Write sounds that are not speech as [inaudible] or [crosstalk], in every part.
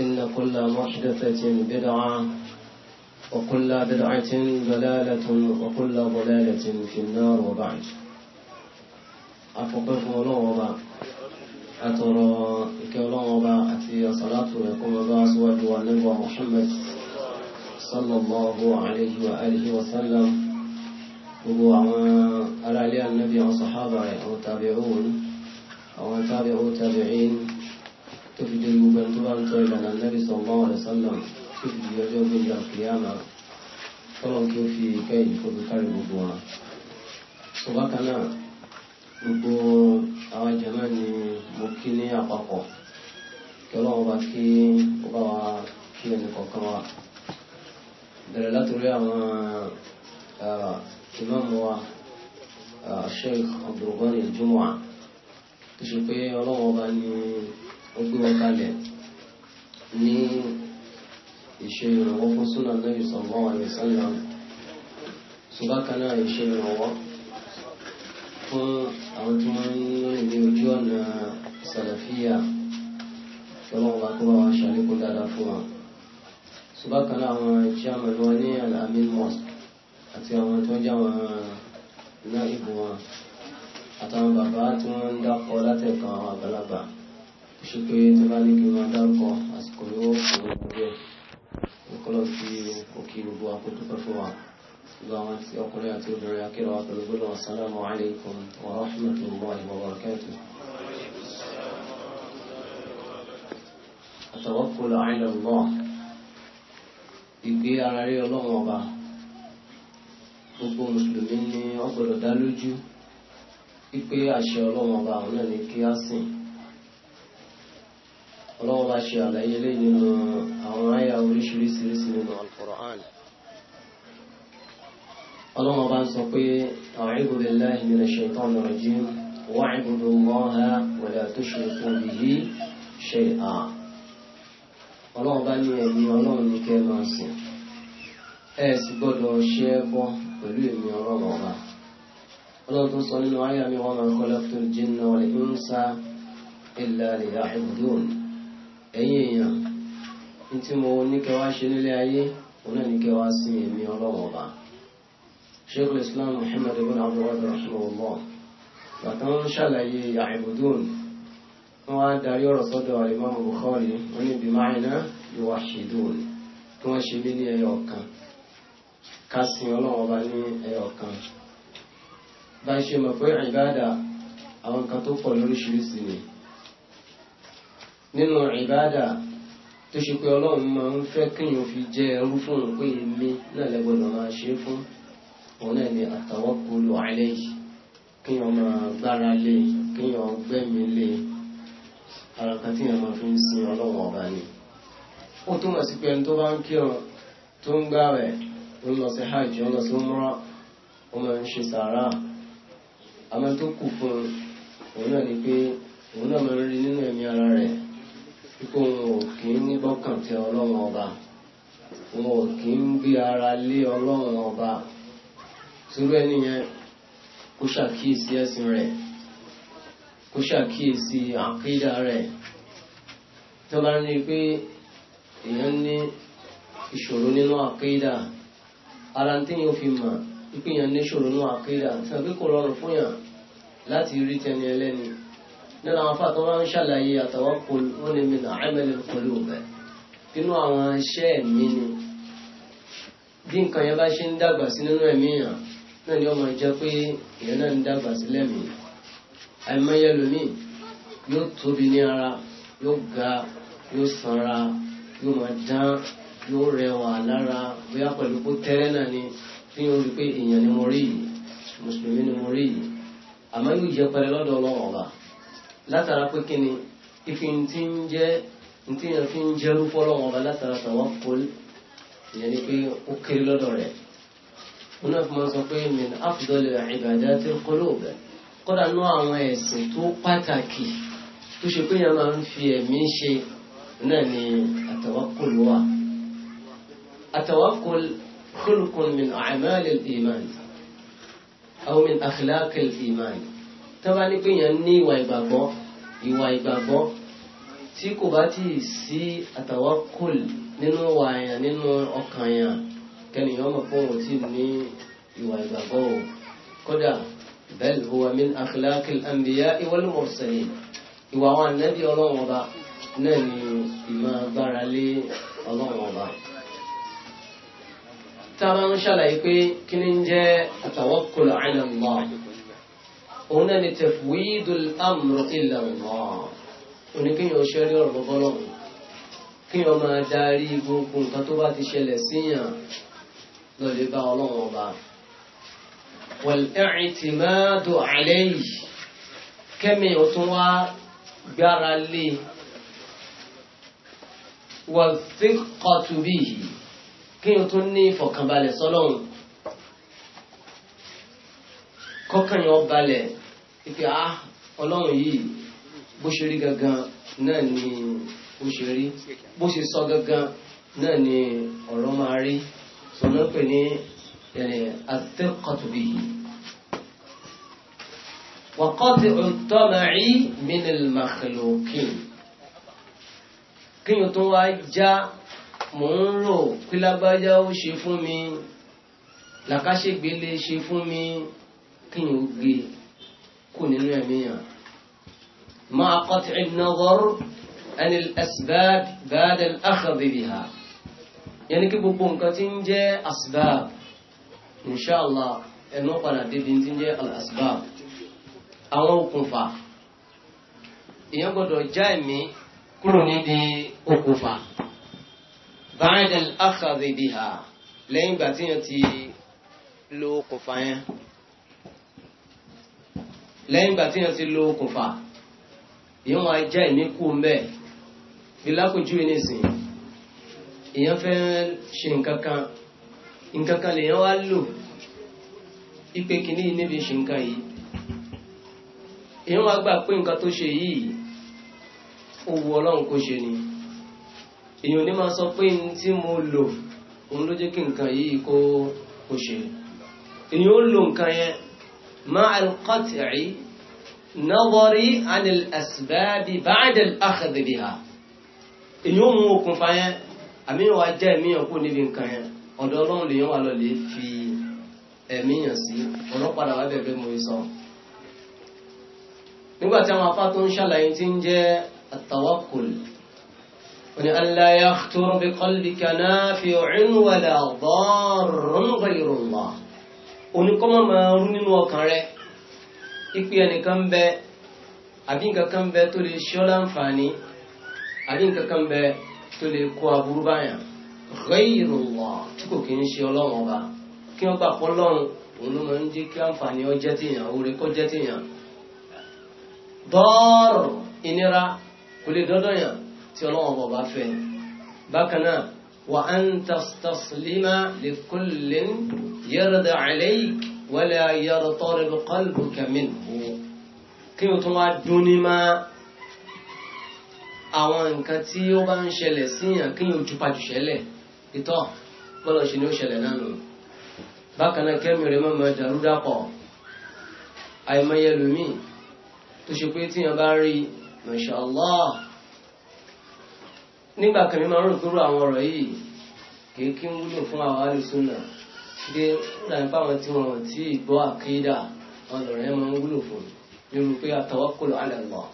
إن كل محدثة بدعة وكل بدعة ضلالة وكل ضلالة في النار وبعد أفقه ونوبة أترى كنوبة أتي صلاة يقوم بأسود ونبوى محمد صلى الله عليه وآله وسلم وهو على النبي وصحابه àwọn sàhábà rẹ̀ àwọn tàbí'ùn tó fi dé gbogbo ẹni tó bá ń tọ́ ìlànà Ànábì sallallahu alaihi wasallam tó fi di ọjọ́ gbé ìlà kìíyàmà tọ́lọ́n kí ó fi ìkẹ́ yìí kó fi kárí gbogbo wọn. ọba kan náà gbogbo àwọn jàmáà ni mo kí ní àpapọ̀ kí ọlọ́run bá kí ó bá wa kí ẹnì kọ̀ọ̀kan wa bẹ̀rẹ̀ látòrí Sheikh Abdulghani Jumu'a tó ṣe pé ó gbé wọn kalẹ̀ ní ìṣe ìrànwọ́ fún súnà náà ìsọ̀gbọ́n wa ní sálẹ̀ ṣùgbọ́n náà ìṣe ìrànwọ́ fún àwọn tí wọ́n ń rìn ní ojú ọ̀nà sàlàfíà tí wọ́n bá kó bá wa ṣàlékún dáadáa fún wa ṣùgbọ́n náà àwọn chairman wọn ní alamin mosque àti àwọn tó ń jẹ́ àwọn náà ìbò wọn àtàwọn bàbá tí wọ́n ń dákọ̀ látẹ̀kọ̀ àwọn àgbàlagbà ṣùgbọ́n tí bá ní kí wọ́n dárúkọ àsìkò yóò fòrò ìgbẹ́ ìkọlọ̀ sí òkè gbogbo àkójọpẹ́ fún wa gbogbo àwọn tí ọkùnrin àti obìnrin akẹ́rọ pẹ̀lú gbọ́dọ̀ assalamu alaikum wa rahmatullahi wa barakatuh àtàwọ́kùnrin àìlẹ̀ mọ́ ìgbé ara rí ọlọ́run ọba gbogbo mùsùlùmí àṣẹ ọlọ́run ọba àwọn náà ni kí á sìn ọlọ́wọ́ bá ṣe àlàyé lé nínú àwọn àyà oríṣiríṣiríṣi nínú al-Qur'an ọlọ́wọ́ bá ń sọ pé a'udhu billahi minash shaitani rajim wa'budu Allaha wa la tushriku bihi shay'a ọlọ́wọ́ bá ní ẹ̀mí ọlọ́run ní kẹ́ máa sìn ẹ sì gbọ́dọ̀ ṣe é bọ́ pẹ̀lú ẹ̀mí ọlọ́run ọba ọlọ́run tó sọ nínú àyà mi wa ma khalaqtul jinna wal insa illa liya'budun ẹ̀yin èèyàn ní tí mo ní kẹ́ wá ṣe nílé ayé òun náà ní kẹ́ wá sí èmi ọlọ́wọ́n ọba Sheikhul Islam Muhammad ibn abdullahi rahimahullah bàtà ń ṣàlàyé ya'budun wọn wá darí ọ̀rọ̀ sọ́dọ̀ Imam Bukhari wọn ní bima'na yuwahhidun kí wọ́n ṣe mí ní ẹyọ kan ká sin ọlọ́wọ́n ọba ní ẹyọ kan bá ṣe mọ̀ pé ìbádà àwọn kan tó pọ̀ lóríṣiríṣi ni nínú ìbáàdà tó ṣe pé ọlọ́run máa ń fẹ́ kéèyàn fi jẹ ẹrú fún òun pé èmi náà lẹ́gbọ́dọ̀ máa ṣe é fún òun náà ni àtàwakkulu alayhi kéèyàn máa gbára lé kéèyàn gbẹ́mi lé ara kan máa fi ń sin ọlọ́run ọba ni hajj ó ń lọ sí ó máa ń ṣe sàárà àmọ́ tó kù fún òun pípé ò kí ń ní ọba wọn ò kí ń ara lé ọlọ́run ọba sórí ẹni yẹn kó ṣàkíyèsí ẹ̀sìn rẹ̀ kó ṣàkíyèsí àkídà rẹ̀ tó bá ní pé èèyàn ní ìṣòro nínú àkídà ara mọ̀ ní ìṣòro nínú àkídà nínú àwọn fàtí wọn ń ṣàlàyé àtawakkul ó ní min amalil qulub nínú àwọn iṣẹ́ ẹ̀mí ni bí nǹkan yẹn bá ṣe ń dàgbà sí nínú ẹ̀mí yàn náà ni ọmọ jẹ́ pé èèyàn náà ń dàgbà sí lẹ́mìí àìmọye lómìn yóò tóbi ní ara yóò ga yóò sanra yóò máa dán yóò rẹwà lára bóyá pẹ̀lú kó tẹ́rẹ́ náà ni fi hàn wípé èèyàn ni mo rí yìí mùsùlùmí ni mo rí yìí àmọ́ yóò yẹpẹrẹ lọ́dọ̀ ọlọ́wọ́ ọba látara pé kí ni ife tí ń jẹ́ tí yẹn fi ń jẹ́rú fọ́lọ́wọ́n ọba látara tàwọn fọ́lì ìyẹn ni pé ó kéré lọ́dọ̀ rẹ̀ wọn náà fi máa sọ pé min afdal ibadati alqulub kọ́dà nú àwọn ẹ̀sìn tó pàtàkì tó ṣe pé yẹn máa ń fi ẹ̀mí ṣe náà ni àtàwákùl wà àtàwákùl khulqun min a'mal al-iman aw min akhlaq al-iman tó bá ní pé èèyàn ní ìwà ìgbàgbọ́ ìwà ìgbàgbọ́ tí kò bá tí ì sí àtàwákùl nínú ìwà èèyàn nínú ọkàn èèyàn kẹ́nìyàn mọ̀ fún òun tí ní ìwà ìgbàgbọ́ o kódà bal huwa min akhlaqil anbiya wal mursalin ìwà àwọn ànábì ọlọ́run ọba náà ni ìmọ̀ agbára lé ọlọ́run ọba tá a máa ń ṣàlàyé pé kí ni ń jẹ́ àtàwákùl ala Allah òun náà ni tafwidul amru ila Allah oníkéyàn ó ṣẹ́rí ọ̀rọ̀ bọ́lọ́run kéèyàn máa darí gbogbo nǹkan tó bá ti ṣẹlẹ̀ síyàn lọ́lẹ́ bá ọlọ́run ọba wal i'timadu alayhi kẹ́mi ò wá gbára lé wà thiqatu bihi kéèyàn tún ní ìfọ̀kànbalẹ̀ sọ́lọ́run kọ́kànyàn balẹ̀ ìpè á ah, ọlọ́run yìí bó ṣe rí gangan náà ni ó ṣe rí bó ṣe sọ gangan náà ni ọ̀rọ̀ máa rí sọ̀nà pè ní àtẹ́kọ̀tù bíi wàkọ́tì ọ̀tọ́mọ̀rí mínil màkìlókìn kí n tó wá já mò ń rò pé lágbájá ó ṣe fún mi làkàṣègbè lè ṣe fún mi kí n ó gbé e kù nínú ẹ̀míyàn máa kọ́tí ìnáwọ́rù ẹni asbáàb báadà àkàbìbì ha yẹni kí gbogbo nǹkan tí ń jẹ́ asbáàb inṣáàlá ẹnu padà débi tí ń jẹ́ asbáàb àwọn okùnfà èèyàn gbọ́dọ̀ já ẹ̀mí kúrò níbi okùnfà báadà àkàbìbì ha lẹ́yìn ìgbà tí yẹn ti lo okùnfà yẹn lẹ́yìn ìgbà tí yẹn ti lo okùnfà yìí wọn jẹ́ ìníkù mbẹ́ bí lákòjúwe nísìnyí èèyàn fẹ́ ṣe nǹkan kan nǹkan kan lèèyàn wá lò ipe kìíní yìí níbi ṣe nǹkan yìí èèyàn wá gbà pé nǹkan tó ṣe yìí ó wu ọlọ́run kó ṣe ni èèyàn ní máa sọ pé ní tí mo lò òun ló jẹ́ kí nǹkan yìí kó ṣe èèyàn ó lo nǹkan yẹn مع القطع نظري عن الأسباب بعد الأخذ بها إن يوم وكم فايا أمين واجه مين يكون نبين كايا ọ̀dọ́lọ́run lèyàn wà lọ lè fi ẹ̀míyàn sí ọlọ́padà wà bẹ̀bẹ̀ mú ìsọ nígbàtí àwọn afá tó ń التوكل وأن ألا يخطر بقلبك نافع ولا ضار غير الله oníkọ́mọ̀ máa rú nínú ọkàn rẹ ipe ẹnìkan ń bẹ àbí nǹkan kan bẹ tó lè ṣọ́ láǹfààní àbí nǹkan kan bẹ tó lè kó aburú báyàn ghayru Allah tí kò kí ń ṣe ọlọ́run ọba kí wọ́n gbà pọ́ lọ́run òun ló ń jẹ́ kí àǹfààní ọjẹ́ tèèyàn orí kọ́ jẹ́ tèèyàn dọ́ọ̀rọ̀ ìnira kò lè dọ́dọ̀ yàn tí ọlọ́run ọba fẹ́ bákan náà وأن تستسلم لكل يرد عليك ولا يرترب قلبك منه kí o tún wá dúnni máa àwọn nǹkan tí ó bá ń ṣẹlẹ̀ síyàn kí o ju pàjù ṣe ni ó ṣẹlẹ̀ náà bákan náà kẹ́mi rẹ̀ mọ́mọ́ dàrú dàpọ̀ àìmọye lómi tó ṣe pé tíyàn bá rí masha Allah nígbà kan nínú ọrùn gbúrú àwọn ọ̀rọ̀ yìí kìí kí ń wúlò fún àwọn alùsùnà dé láì bá àwọn tí wọn ò tí ì gbọ́ àkídà ọ̀rọ̀ rẹ̀ máa ń wúlò fún nínú pé àtàwákùlù ala Allah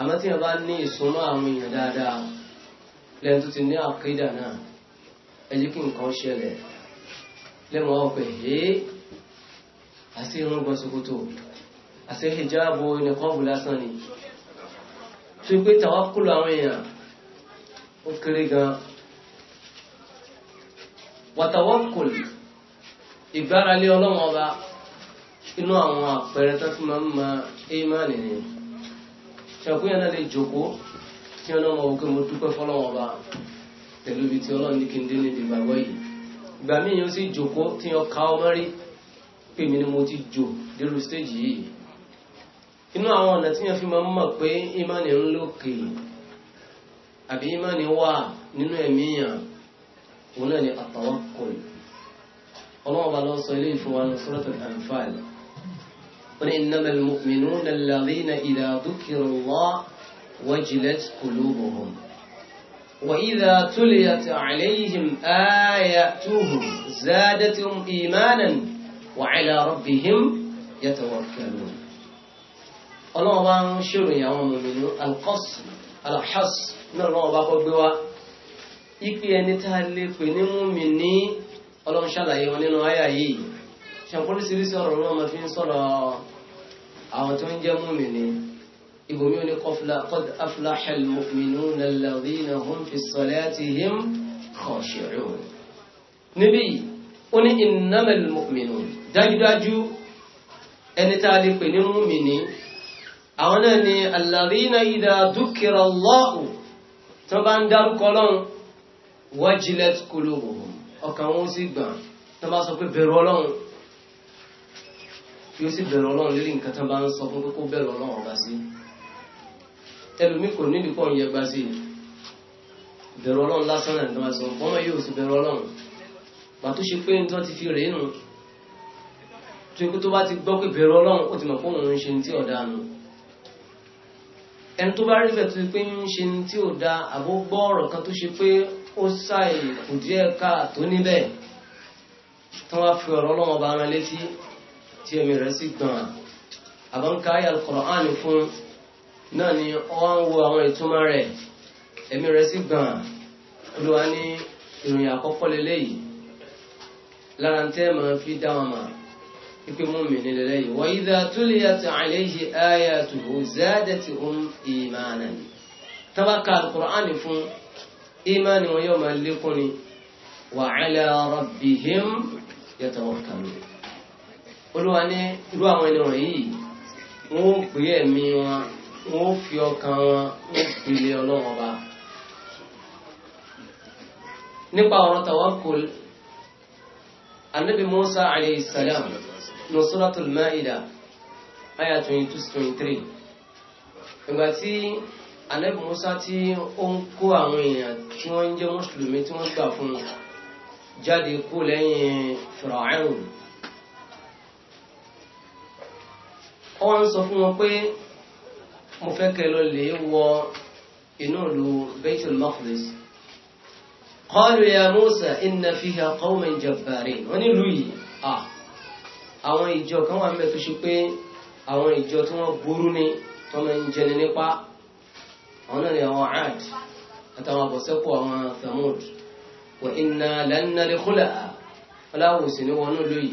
àmọ́ tí wọn bá ní ìsúnmọ́ àwọn èèyàn dáadáa lẹ́yìn tó ti ní àkídà náà ẹ jẹ́ kí nǹkan ṣẹlẹ̀ lẹ́mọ̀ ọ̀pẹ̀ hé àti irun gbọ́sọ̀kòtò àti hijabu nìkan bù lásán ni tó gbé tàwákùlù àwọn èèyàn ó kéré gan wàtàwọ́kùl ìgbáralé ọlọ́wọ́n ọba inú àwọn àpẹẹrẹ tó fi máa ń ma éèmánì ni ṣàkóyàn náà lè jòkó tí ọlọ́wọ́n ọba mo dúpẹ́ fọlọ́wọ́n ọba pẹ̀lú ibi tí ọlọ́run ní kí n dé níbi ìgbàgbọ́ yìí ìgbà míì yóò sì jòkó tí yọ ká ọmọ rí pé mi ni mo ti jò dérú stéèjì yìí inú àwọn ọ̀nà tí yẹn fi máa ń mọ̀ pé éèmánì ń lókè yìí أبي إيماني هو نينو يميا هنا ني التوكل الله بالله صلي في سورة الأنفال قل إنما المؤمنون الذين إذا ذكر الله وجلت قلوبهم وإذا تليت عليهم آياتهم زادتهم إيمانا وعلى ربهم يتوكلون الله بان شر يا القصر الحصر náà lọ́wọ́ bá kọ́ gbé wá ipe ẹni tá a lè pè ní múmi ní ọlọ́run ṣàlàyé wọn nínú àyà yìí ṣàpọ́lísìírísìí ọ̀rọ̀ náà máa fi ń sọ̀rọ̀ àwọn tó ń jẹ́ múmi ní ibòmí ò ní qad aflaha al-mu'minuna alladhina hum fi salatihim khashi'un níbí ó ní innamal mu'minun dájúdájú ẹni tá a lè pè ní múmi ní àwọn náà ni alladhina idha dhukira Allahu tí wọ́n bá ń dárúkọ ọlọ́run wajilat qulubuhum ọkàn wọn sì gbọ̀n tí wọ́n bá sọ pé bẹ̀rù ọlọ́run yóò sì bẹ̀rù ọlọ́run lórí nǹkan tí wọ́n bá ń sọ fún pé kó bẹ̀rù ọlọ́run ọba sí ẹlòmí kò nídìí pọ̀ ń yẹ gbá sí bẹ̀rù ọlọ́run lásán náà ni wọ́n sọ wọ́n mọ̀ yóò sì bẹ̀rù ọlọ́run pàtó ṣe pé nítorí ti fi rèé nù tó ikú tó bá ti gbọ́ pé bẹ̀rù ọlọ́run ó ti mọ̀ fóun ń ṣe ní tí ọ̀daràn ẹni tó bá rí bẹ̀ tó ṣe pé ń ṣe ni tí ò da àbó gbọ́ ọ̀rọ̀ kan tó ṣe pé ó ṣàì kù díẹ̀ ká tó níbẹ̀ tí wọ́n fi ọ̀rọ̀ ọlọ́wọ́ bá ara létí tí ẹ̀mí rẹ̀ sì gbọ̀n àbọ̀nká ayà Al-Qur'an fún náà ni wọ́n ń wo àwọn ìtumọ̀ rẹ̀ ẹ̀mí rẹ̀ sì gbọ̀n olùwà ní ìròyìn àkọ́kọ́ lélẹ́yìí lára ń tẹ́ mọ̀ fi dá wọn mọ̀ ipe mu'mini lẹ́lẹ́yìí wa idha tuliyat alayhi ayatuhu zadatuhum imanan tábàkà alukur'ani fún imani wọn yóò máa lékún ni wa ala rabbihim yatawakkalun olúwa ní irú àwọn ẹni wọ̀nyí wọn ó pè ẹ̀mí wọn wọn ó fi ọkàn wọn wọn ó pèlè ọlọ́wọ́n ba nípa ọ̀rọ̀ tawakkul anabi musa alayhi salam ní Suratul Maida aya 22-23 ìgbà tí Ànábì Musa tí ó ń kó àwọn èèyàn tí wọ́n ń jẹ́ mùsùlùmí tí wọ́n gbà fún jáde kú lẹ́yìn Fir'aun wọ́n ń sọ fún wọn pé mo fẹ́ kẹ́ lọ lè wọ inú ìlú Baitul Maqdis qalu ya Musa inna fiha qawman jabbarin wọ́n nílùú àwọn ìjọ kan wà mẹ́tò ṣe pé àwọn ìjọ tí wọ́n burú ni tó máa ń jẹni nípa àwọn náà ni àwọn Ad àtàwọn àbọ̀sẹ́pọ̀ àwọn Thamud wà iná lẹ́nà lè kúlẹ̀ à aláwò ni wọn lóyìí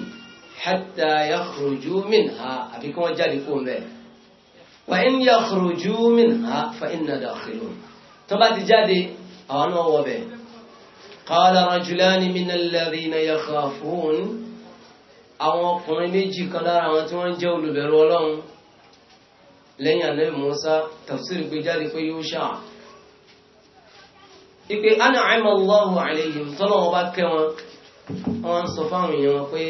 hatta yakhruju minha àbí kí wọ́n jáde fún mẹ́ wà in yakhruju minha fa iná dakhilun tó bá ti jáde àwọn náà wọ̀ bẹ́ẹ̀ qala rajulani min alladhina yakhafun àwọn ọkùnrin méjì kan lára àwọn tí wọ́n jẹ́ olùbẹ̀rù ọlọ́run lẹ́yìn ànábì Musa tafsir gbé jáde pé Yusha ìpè an'ama Allahu alayhim tọ́lọ́ wọn bá kẹ́ wọn wọ́n sọ fáwọn èèyàn pé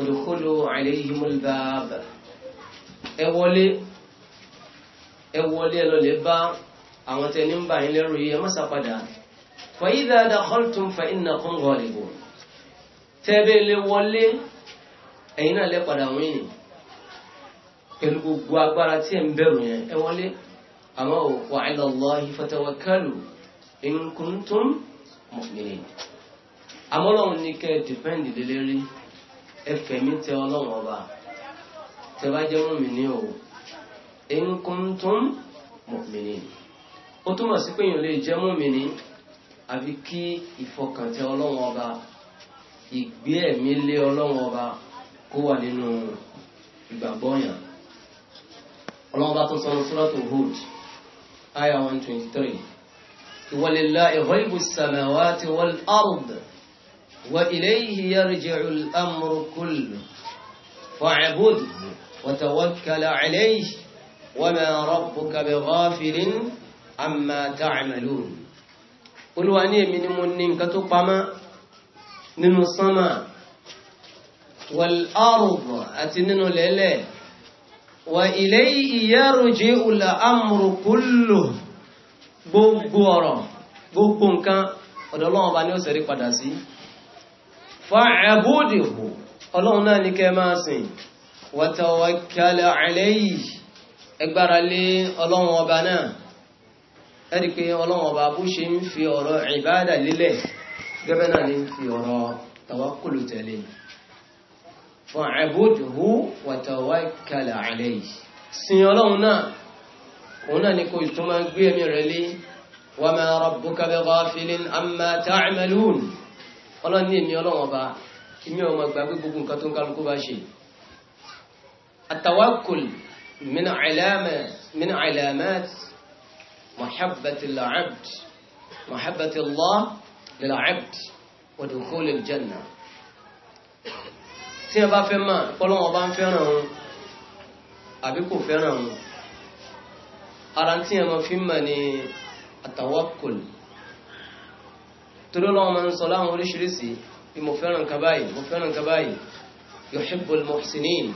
udkhulu alayhimul bab ẹ wọlé ẹ wọlé ẹ lọ bá àwọn tẹni ń bá yín lẹ́rù yìí ẹ má sàpadà fa idha dakhaltum fa innakum ghalibun tẹ́bẹ̀ lè wọlé ẹ̀yin náà lẹ́padà wọ́n yìí pẹ̀lú gbogbo agbára tí ẹ̀ ń bẹ̀rù yẹn ẹ wọlé àmọ́ ò wà ala Allahi fatawakkalu in kuntum mu'minin àmọ́ ọlọ́run ní kẹ́ dìpẹ́ǹdì lélẹ́rí ẹ fẹ̀mí tẹ ọlọ́run ọba tẹ bá jẹ́ mùmíní o in kuntum ó túmọ̀ sí pé èèyàn lè jẹ́ mùmíní àfi kí ìfọkàntẹ ọlọ́run ọba ìgbé ẹ̀mí lé ọlọ́run ọba kó wà nínú ìgbàgbọ́ yàn ọlọ́run bá tún sọ ní suratul Hud aya one twenty three walillahi ghaibu samawati wal ard wa ilayhi yarji'u al-amru kullu fa'budhu wa tawakkal alayhi wa ma rabbuka bighafilin amma ta'malun olúwa ní èmi ni mo ní nǹkan tó pamọ́ nínú sánmà wàlárùbọ̀ àti nínú lẹ́lẹ̀ wà ilé ìyárùjẹ́ ìlà amùrùkúlù gbogbo ọ̀rọ̀ gbogbo nǹkan ọ̀dọ̀ ọlọ́run bá ní ó sẹ̀rí padà sí fa'abudihu ọlọ́run náà ní kẹ máa sìn wa tawakkal alayhi ẹgbára lé ọlọ́run ọba náà náà ní fi ọ̀rọ̀ tàwákùlù tẹ̀lé fa'budhu wa tawakkal alayhi sin ọlọ́run náà òun náà ni kò tó máa gbé ẹ̀mí rẹ̀ lé wa ma rabbuka bighafilin amma ta'malun ọlọ́run ní èmi ọlọ́run ọba ìmí ọmọ gbàgbé gbogbo nǹkan tó ń kálukú bá ṣe التوكل من علامات من علامات محبة العبد محبة الله للعبد ودخول الجنة tí ẹ bá fẹ́ mọ̀ pọ́lọ́wọ́ bá ń fẹ́ràn òun àbí kò fẹ́ràn òun ara tí ẹ mọ̀ fi mọ̀ ní àtàwọ́kùl torí ọlọ́wọ́ máa ń sọ láwọn oríṣiríṣi bí mo fẹ́ràn nǹkan báyìí mo fẹ́ràn nǹkan báyìí yuhibbul muhsinin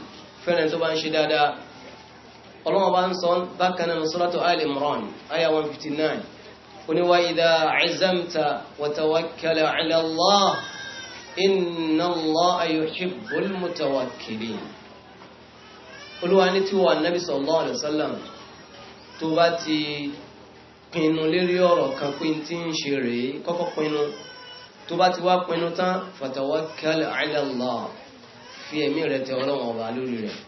fẹ́ràn tó bá ń ṣe dáadáa ọlọ́wọ́ bá ń sọ bákan náà suratu Ali Imran aya 159 oníwáyé dá 'azamta wa tawakkala 'ala Allah inna Allaha yuhibbul mutawakkilin olúwa ní tí wà nábì sallallahu alaihi wasallam tó bá ti pinnu lérí ọ̀rọ̀ kan pé tí ń ṣe rèé kọ́kọ́ pinnu tó bá ti wá pinnu tán fatawakkal ala Allah fi ẹ̀mí rẹ̀ tẹ ọlọ́wọ̀n ọba lórí rẹ̀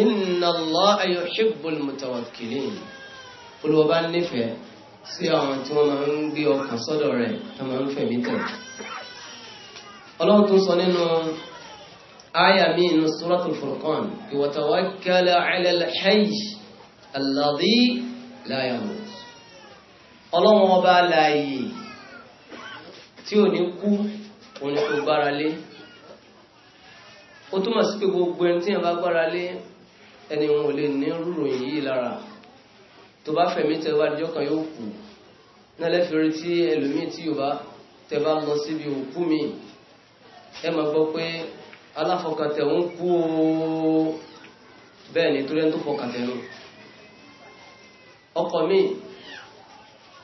inna Allaha yuhibbul mutawakkilin olúwa bá nífẹ̀ẹ́ sí àwọn tí wọ́n máa ń gbé ọkàn sọ́dọ̀ rẹ̀ tó máa ń fẹ̀mí tẹ̀ ọlọ́run tún sọ nínú aya mi inú suratul furqan wa tawakkal ala al-hayy alladhi la yamut ọlọ́run ọba láàyè tí ò ní kú òun ni kò gbára lé ó túmọ̀ sí pé gbogbo ẹni tí yẹn bá gbára lé ẹni wọn ò lè ní rúròyìn yìí lára tó bá fẹ̀mí tẹ bá dijọ́ kan yóò kú náà lẹ́fẹ̀ẹ́ rí tí ẹlòmíì tí yóò bá tẹ bá lọ síbi òkú mi ẹ máa gbọ́ pé aláfọkàntẹ̀ ń kú ooo bẹ́ẹ̀ ni torí ẹni tó fọkàntẹ̀ nù ọkọ mi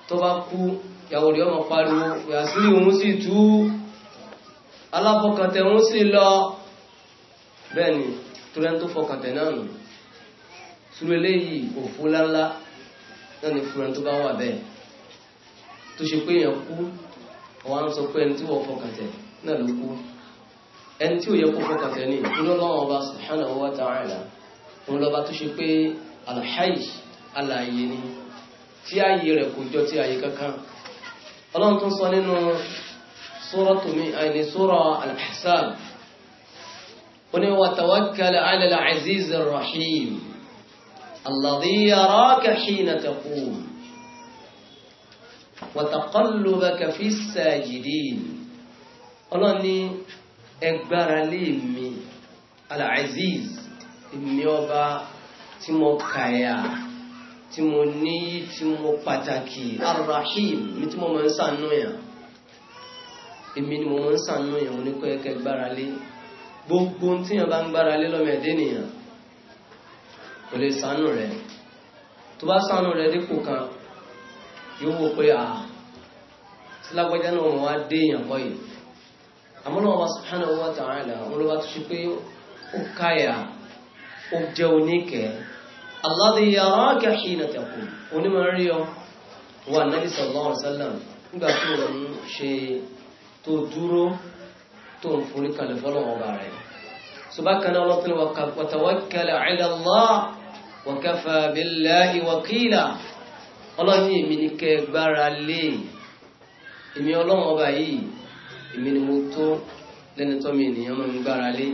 tó bá kú ìyàwó rẹ̀ ọmọ pariwo ìyàsílì òun sì tú aláfọkàntẹ̀ ń sì lọ bẹ́ẹ̀ ni torí ẹni tó fọkàntẹ̀ náà nù sùrù eléyìí òfú lánlá náà ni fúra tó bá wà bẹ́ẹ̀ tó ṣe pé èèyàn kú àwọn sọ pé ẹni tí wọ́n fọkàntẹ̀ náà ló kú ẹni tí ó yẹ kó fọkàn tẹ̀lé olólọ́wọ́n bá subhanahu wa ta'ala òun lọ́ba tó ṣe pé alhayi alààyè ni tí ààyè rẹ̀ kò jọ ti ààyè kankan ọlọ́run tó sọ nínú suratu mi àìní sura al-ahzab ẹgbára lé mi Al-Aziz èmi ọba tí mo kàyà tí mo níyì tí mo pàtàkì Ar-Rahim mi tí mo máa ń sànú yàn èmi ni mo máa ń sànú yàn wọn ní pé ẹkẹ gbára lé gbogbo tí yàn bá ń gbára lé lọ́mọ nìyàn kò lè sànú rẹ̀ tó bá sànú rẹ̀ dípò kan yóò wò pé à lágbájá náà wọn wá dé èèyàn kọ́ yìí àmọ́nà wa subhanahu wa ta'ala olúwa tó ṣe pé ó káyà ó jẹ́ oníkẹ́ alladhi yaraka hina taqum onímọ̀ rí ọ wà náà sallallahu alaihi wasallam nígbà tó rẹ̀ ń ṣe tó dúró tó ń forí kalẹ̀ fọ́lọ̀ ọba rẹ̀ subhanahu wa ta'ala gbára lé èmi ọlọ́run ọba yìí èmi ni mo tó lẹ́ni tó mi ènìyàn máa ń gbára lé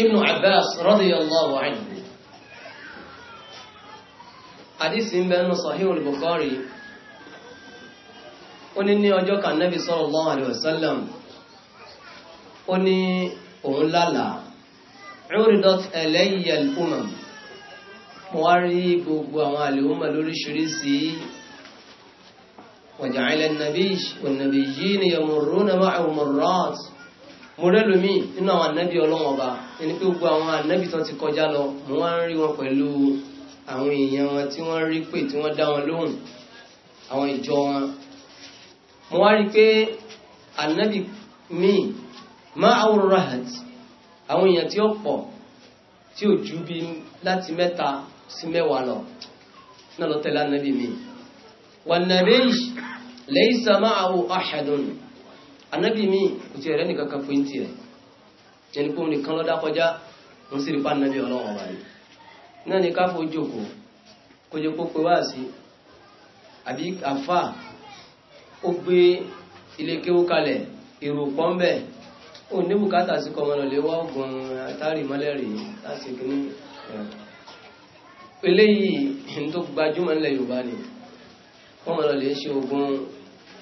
ibnu abbas radiyallahu anhu hadisi ń bẹnu sahihul bukhari ó ní ní ọjọ́ kan nabi sallallahu alaihi wasallam ó ní òun lálàá uridat alayya mo wá rí gbogbo àwọn àlèhùnmọ̀ lóríṣiríṣi وجعل النبي والنبيين يمرون معه مرات mọ̀rẹ́lù mi nínú àwọn ànábì ọlọ́wọ̀n ọba ẹni pé gbogbo àwọn ànábì tán ti kọjá lọ mo wá ń rí wọn pẹ̀lú àwọn èèyàn wọn tí wọ́n rí pé tí wọ́n dá wọn lóhùn àwọn ìjọ wọn mo wá rí pé ànábì mi má àwòrán àwọn èèyàn tí ó pọ̀ tí ò ju bí láti mẹ́ta sí mẹ́wàá lọ náà lọ tẹ̀lé ànábì mi wà nàbẹ́yì laysa ma'ahu ahadun anábì mi kò tiẹ̀ rẹ́ nìkan kan fún tiẹ̀ ẹni pé òun nìkan lọ́dá kọjá ń sì rí pàdánù ọlọ́run ọba yìí náà ni ká fojú òkò kójú kó pe wá sí àbí àfà ó gbé ilé kéwú kalẹ̀ èrò pọ́ńbẹ̀ ó ní bùkátà sí kọmọlọ lè wá ogun àtàrí mọ́lẹ́rì láti kìíní eléyìí tó gbajúmọ̀ nílẹ̀ yorùbá ni kọmọlọ lè ṣe ogun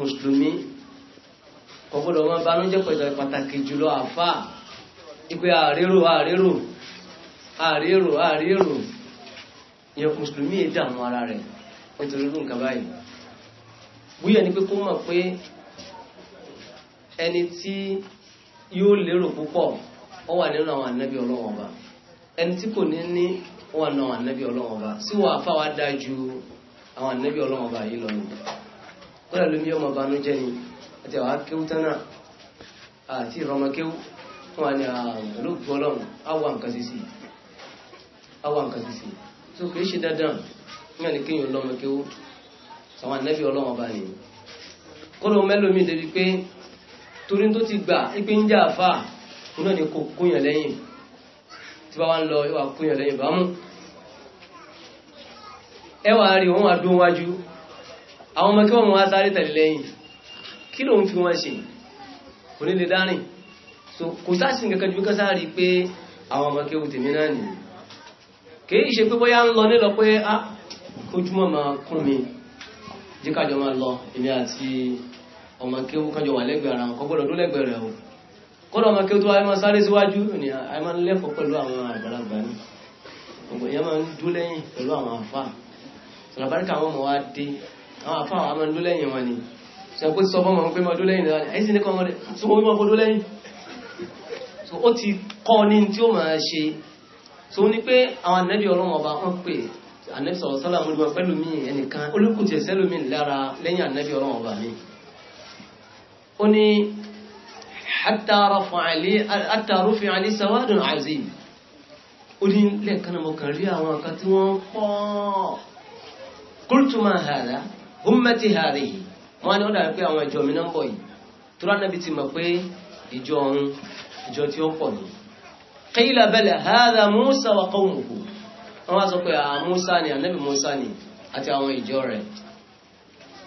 mùsùlùmí kọ̀gbọ́dọ̀ wọn banújẹ́ pẹ̀lú pàtàkì jùlọ àfà ipe àrírò àrírò àrírò àrírò ìyẹn mùsùlùmí èdè àwọn ara rẹ nítorí ló ń yìí ni pé kó mọ̀ pé ẹni tí yóò lérò púpọ ọba ẹni tí kò ní ní ọba àfà wa dáa àwọn ọba yìí lọ kódà lómi ọmọ banújẹ́ ni àti àwọn akéwú tánà àti ìrọmọkéwú fún wa ní àló gbọ́lọ́mù àwọn nǹkan sísì àwọn nǹkan sísì tó kìí ṣe dandan nígbà ní kéèyàn lọ́mọkéwú àwọn ànẹ́bí ọlọ́wọ́n bá ní kódà mẹ́lòmí débi pé torí tó ti gbà ipé ń jà fà iná ni kò kúnyàn lẹ́yìn tí bá wá ń lọ ìwà kúnyàn lẹ́yìn bá ẹwà rí wọn wà wájú àwọn ọmọ kí wọ́n wá sáré tẹ̀lé lẹ́yìn kí ló ń fi wọ́n ṣe kò lè dárìn so kò sáàsì nǹkan ju kásá rí pé àwọn ọmọ kéwù tèmi náà nì kì í ṣe pé bóyá ń lọ nílọ pé á ah, kójúmọ́ máa kún mi jẹ́ kájọ máa lọ èmi àti ọmọ kéwù o kọ́dọ̀ ọmọ kéwù ni a máa ń lẹ́fọ̀ọ́ pẹ̀lú àwọn àgbàlagbà ni gbogbo ìyá máa ń dún àwọn afá àwọn amẹ́nu lẹ́yìn wọn ni ṣe pé sọ fọ́mọ̀ pé mọ́dún lẹ́yìn náà ẹ̀sìn ní kọ́mọdé tó wọ́n mọ́ fọ́dún lẹ́yìn so ó ti kọ́ ní tí ó máa ṣe so ní pé àwọn anẹ́bí ọlọ́wọ́n ọba wọn pè anẹ́bí sọ̀rọ̀ sọ́là mú wọn pẹ̀lú mi ẹnìkan olókùtì ẹ̀sẹ̀ lómi lára lẹ́yìn anẹ́bí ọlọ́wọ́n ọba mi ó ní àtàrúfin ummati hadhihi wọ́n ní ó dàbí pé àwọn ìjọ mi náà ń bọ̀ yìí tó ránàbí ti mọ̀ pé ìjọ ọ̀run ìjọ tí ó pọ̀ ní qila bala hadha Musa wa qawmuhu wọ́n wá sọ pé à ah, Musa ni ànábì Musa ni àti àwọn ìjọ rẹ̀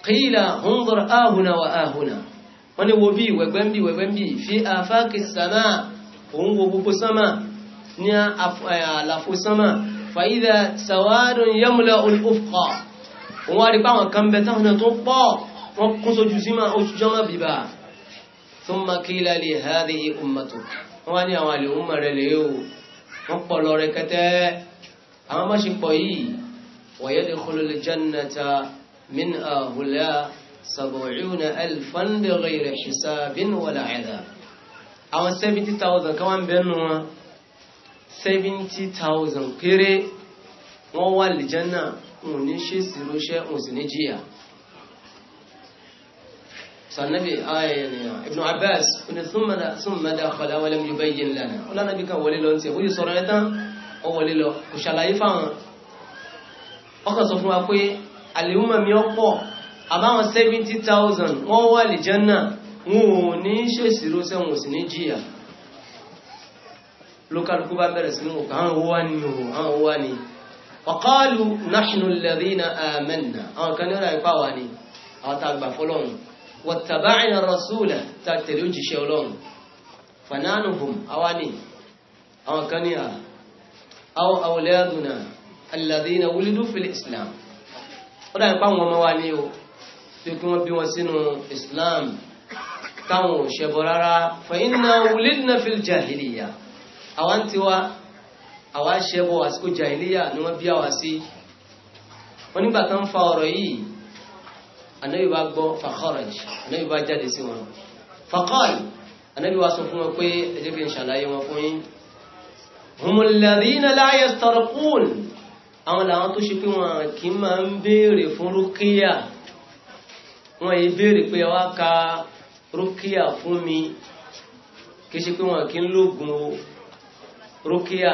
qila hunzur ahuna wa ahuna wọ́n ní wo bí wẹ̀gbẹ́mbì wẹ̀gbẹ́mbì fi afaqis sama òun wo gbogbo sama ní àlàfo sama fa idha sawadun yamla wọ́n wá rí páwọn kan bẹ táwọn náà tó pọ̀ wọ́n kún sójú sí máa oṣù jọmọ́ bíbá tó ma kí lálẹ́ ìhádé ìkùnmọ̀tò wọ́n wá ní àwọn àlè òun mọ̀rẹ̀ lè o wọ́n pọ̀ lọ rẹ kẹtẹ́ àwọn bá ṣe pọ̀ yìí wọ̀yẹ́ lè kọlu lè jannata min ahula sabu'una alfan bi ghayri hisabin wala adab àwọn 70,000 kan wá ń bẹ́nu wọn 70,000 péré wọ́n wà lè jẹ́ òun ní ṣe ìṣirò iṣẹ́ òun sì ní jìyà sànàbì ayẹyẹnìyàn ibn abbas ní súnmọ́dá kọlá wọlé mú bẹ́ yìí lẹ́nà ọlọ́nàbí kan wọlé lọ tí ó yìí sọ̀rọ̀ ẹ̀tàn ó wọlé lọ kò ṣàlàyé fáwọn ọkàn sọ fún wa pé àlèhùnmọ̀ mi ọ̀pọ̀ àbáwọn 70,000 wọ́n wà lè jẹ́nà wọn ò ní ṣèṣirò sẹ́wọ̀n sì ní jìyà lókàlùkù bá bẹ̀rẹ̀ sí ní àwọn owó wá ní ọ̀kọ́lù national lẹ́rìnà àmẹ́nà àwọn kan nílò ipá wà ní àwọn tàgbà fọlọ́run wọ̀tàbáyìn rasúlà tàtẹ̀lé òjíṣẹ́ ọlọ́run fanánuhum awa ni àwọn kan ní àwọn àwòlẹ́dùnà alẹ́rìnà wúlídú fìlẹ̀ islam ó dá ipá wọn máa wà ní o fi táwọn ò rárá fa iná wúlídùnà fìlẹ̀ jahiliya àwọn tiwa àwa ṣẹbọ àsìkò jàìlíyà ni wọ́n bí àwa sí wọ́n nígbà tán fa ọ̀rọ̀ yìí anábì bá gbọ́ fakharaj anábì bá jáde sí wọn faqal anábì wá sọ fún wọn pé ẹ jẹ́ kí n ṣàlàyé wọn fún yín humul ladhina la yastarqun àwọn làwọn tó ṣe pé wọn kì í máa ń béèrè fún rúkìá wọn yìí béèrè pé wá ka rúkìá fún mi kì í ṣe pé wọn kì í lóògùn rúkìá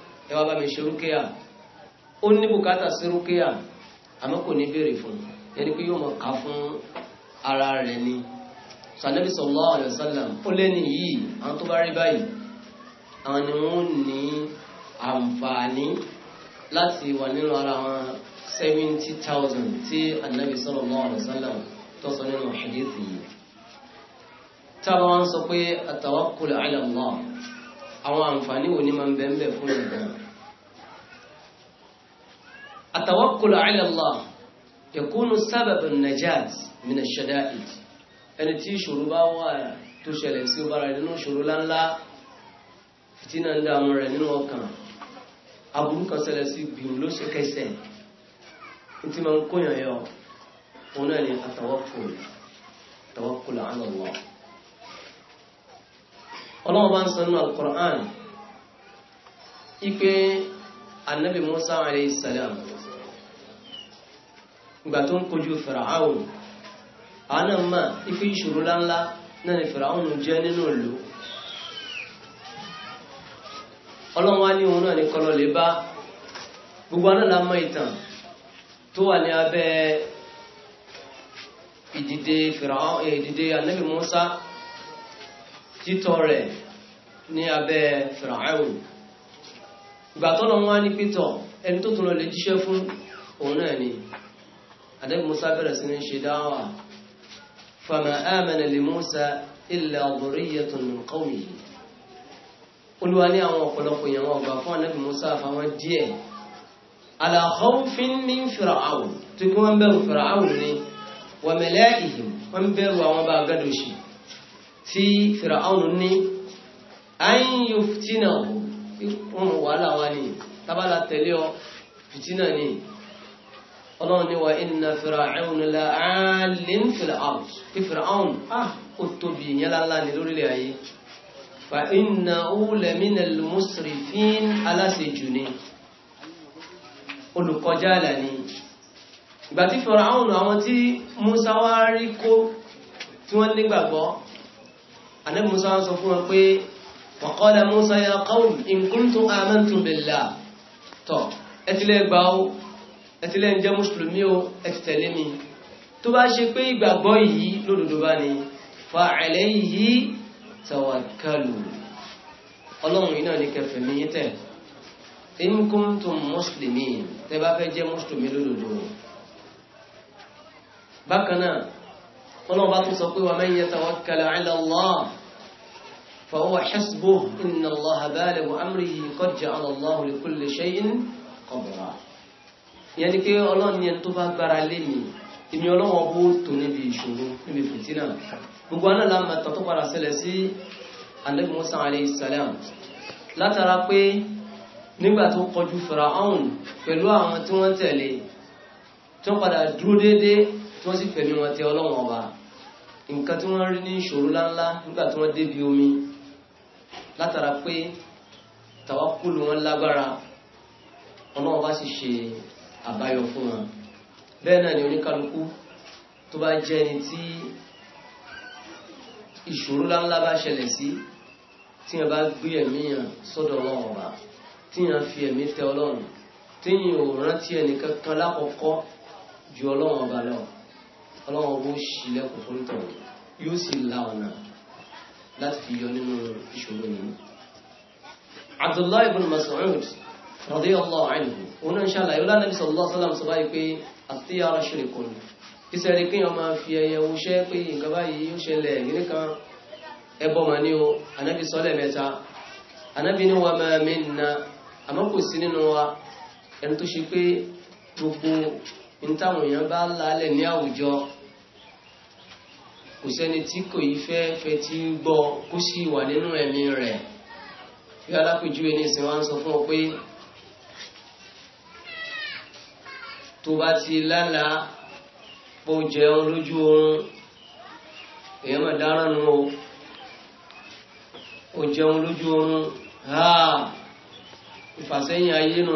ẹ wá bá mi ṣe rúkẹ́yà ó ní bùkátà sí rúkẹ́yà àmọ́ kò ní béèrè fún ẹni pé yóò mọ̀ ká fún ara rẹ̀ ni sànẹ́bí sallallahu alaihi wasallam ó lẹ́ni yìí àwọn tó bá rí báyìí àwọn ni wọ́n ní àǹfààní láti wà nínú ara wọn seventy thousand tí ànábì sallallahu alaihi tó sọ nínú hadith yìí tábà wọn sọ pé at-tawakkul ala Allah àwọn àǹfààní wo ni máa ń bẹ́ẹ̀ bẹ́ẹ̀ fún ìgbà التوكل على الله يكون سبب النجاة من الشدائد ẹni tí ìṣòro bá wà tó ṣẹlẹ̀ sí ọba rẹ̀ nínú ìṣòro láńlá fìtínà ń dààmú rẹ̀ nínú ọkàn aburú kan ṣẹlẹ̀ sí gbìyànjú ló ṣe kẹsẹ̀ tí ma ń kóyàn yọ òun náà ni àtàwọ́kùn tawakkul ọlọ́wọ́ bá ń sọ nínú al ipe annabi Musa alayhi salam ìgbà tó ń kojú fìràhùn àánà mà ife ìṣòro láńlá náà ni fìràhùn jẹ́ nínú ìlú ọlọ́wọ́ ní òun náà ní kọlọlẹ̀ bá gbogbo anáàlá mọ́ ìtàn tó wà ní abẹ́ ìdìde fìràhùn eh, ìdìde ànábì Mùsá títọ́ rẹ̀ ní abẹ́ fìràhùn ìgbà tọ́lọ́wọ́ ní pítọ̀ ẹni tó tún lọ lè jíṣẹ́ fún òun náà ni ànábì musa bẹ̀rẹ̀ sí ní ṣe dáwà fama amana li musa illa dhurriyyatun min qawmihi olúwa ní àwọn ọ̀pọ̀lọpọ̀ èèyàn wọn ọgbà fún ànábì musa àfàwọn díẹ̀ ala khawfin min fir'aun tí kí wọ́n bẹ̀rù fir'aun ni wa mala'ihim wọ́n bẹ̀rù àwọn bá gádòṣì tí fir'aun ní ayin yuftina wọn wàhálà wa ni tabala tẹ̀lé ọ fitina ni ọlọ́run ní wa inna fir'auna la'alin fil ard pé fir'aun ah. ó tóbi ìyẹn lálá ní lórílẹ̀ ayé fa innahu laminal musrifin aláṣejù ni olùkọjá àlà ni ìgbà tí fir'aun àwọn tí musa wá rí kó tí wọ́n nígbàgbọ́ ànábì musa wá sọ fún wọn pé wa musa ya qawm in kuntum amantum billah tọ́ ẹtílẹ̀ ń jẹ́ mùsùlùmí o ẹtìtẹ̀lé mi tó bá ṣe pé ìgbàgbọ́ yìí lódodo bá ní fa alayhi tawakkalu ọlọ́run yìí náà ní kẹfẹ́ mi tẹ̀ in kuntum muslimin tẹ́ ọlọ́run bá tún sọ pé wa man yatawakkala ala Allah fa huwa hasbuh ìyẹn ni pé ọlọ́run ni ẹni tó bá gbára lé mi èmi ọlọ́run ọbọ̀ tó níbi ìṣòro níbi fìtínà gbogbo aná la mọ̀ tán tó padà ṣẹlẹ̀ sí anabi musa alayhi salam látara pé nígbà tó kọjú faraon pẹ̀lú àwọn tí wọ́n tẹ̀lé tí wọ́n padà dúró déédéé tí wọ́n sì fẹ̀mí wọn tẹ ọlọ́run ọba nǹkan tí wọ́n rí ní bá sì ṣe àbáyọ fún wọn bẹ́ẹ̀ náà ni oníkálukú tó bá jẹ́ ẹni tí ìṣòro láńlá bá ṣẹlẹ̀ sí tí yẹn bá gbé ẹ̀mí yàn sọ́dọ̀ ọlọ́run ọba tí yẹn fi ẹ̀mí tẹ ọlọ́run tí yẹn ò rántí ẹnìkan kan lákọ̀ọ́kọ́ ju ọlọ́run ọba lọ ọlọ́run ọba ó ṣílẹ̀kùn fún ìtàn yóò sì la ọ̀nà láti fi yọ nínú ìṣòro yìí. Abdullahi ibn Mas'ud radiyallahu anhu òun náà ṣàlàyé ọlá nàbí sallallahu alaihi wasallam sọ báyìí pé àti ara ṣe kò ní kíṣẹ́ rí kíyàn máa fi ẹyẹ wuṣẹ́ pé nǹkan báyìí ó ṣẹlẹ̀ nínú kan ẹbọ mà ní o anábì sọlẹ̀ mẹ́ta anábì ní wa ma minna àmọ́ kò sí nínú wa ẹni tó ṣe pé gbogbo ntáwọn èèyàn bá lálẹ̀ ní àwùjọ kò sẹ́ni tí kò yí fẹ́ fẹ́ tí ń gbọ́ kó sì wà nínú ẹ̀mí rẹ̀ bí alápèjúwe ní ìsìn wa ń sọ fún ọ pé tó bá ti lálàá pọ̀ jẹun lójú oorun èèyàn máa dáná nu o ó jẹun lójú oorun háà ìfàsẹ́yìn ayé nù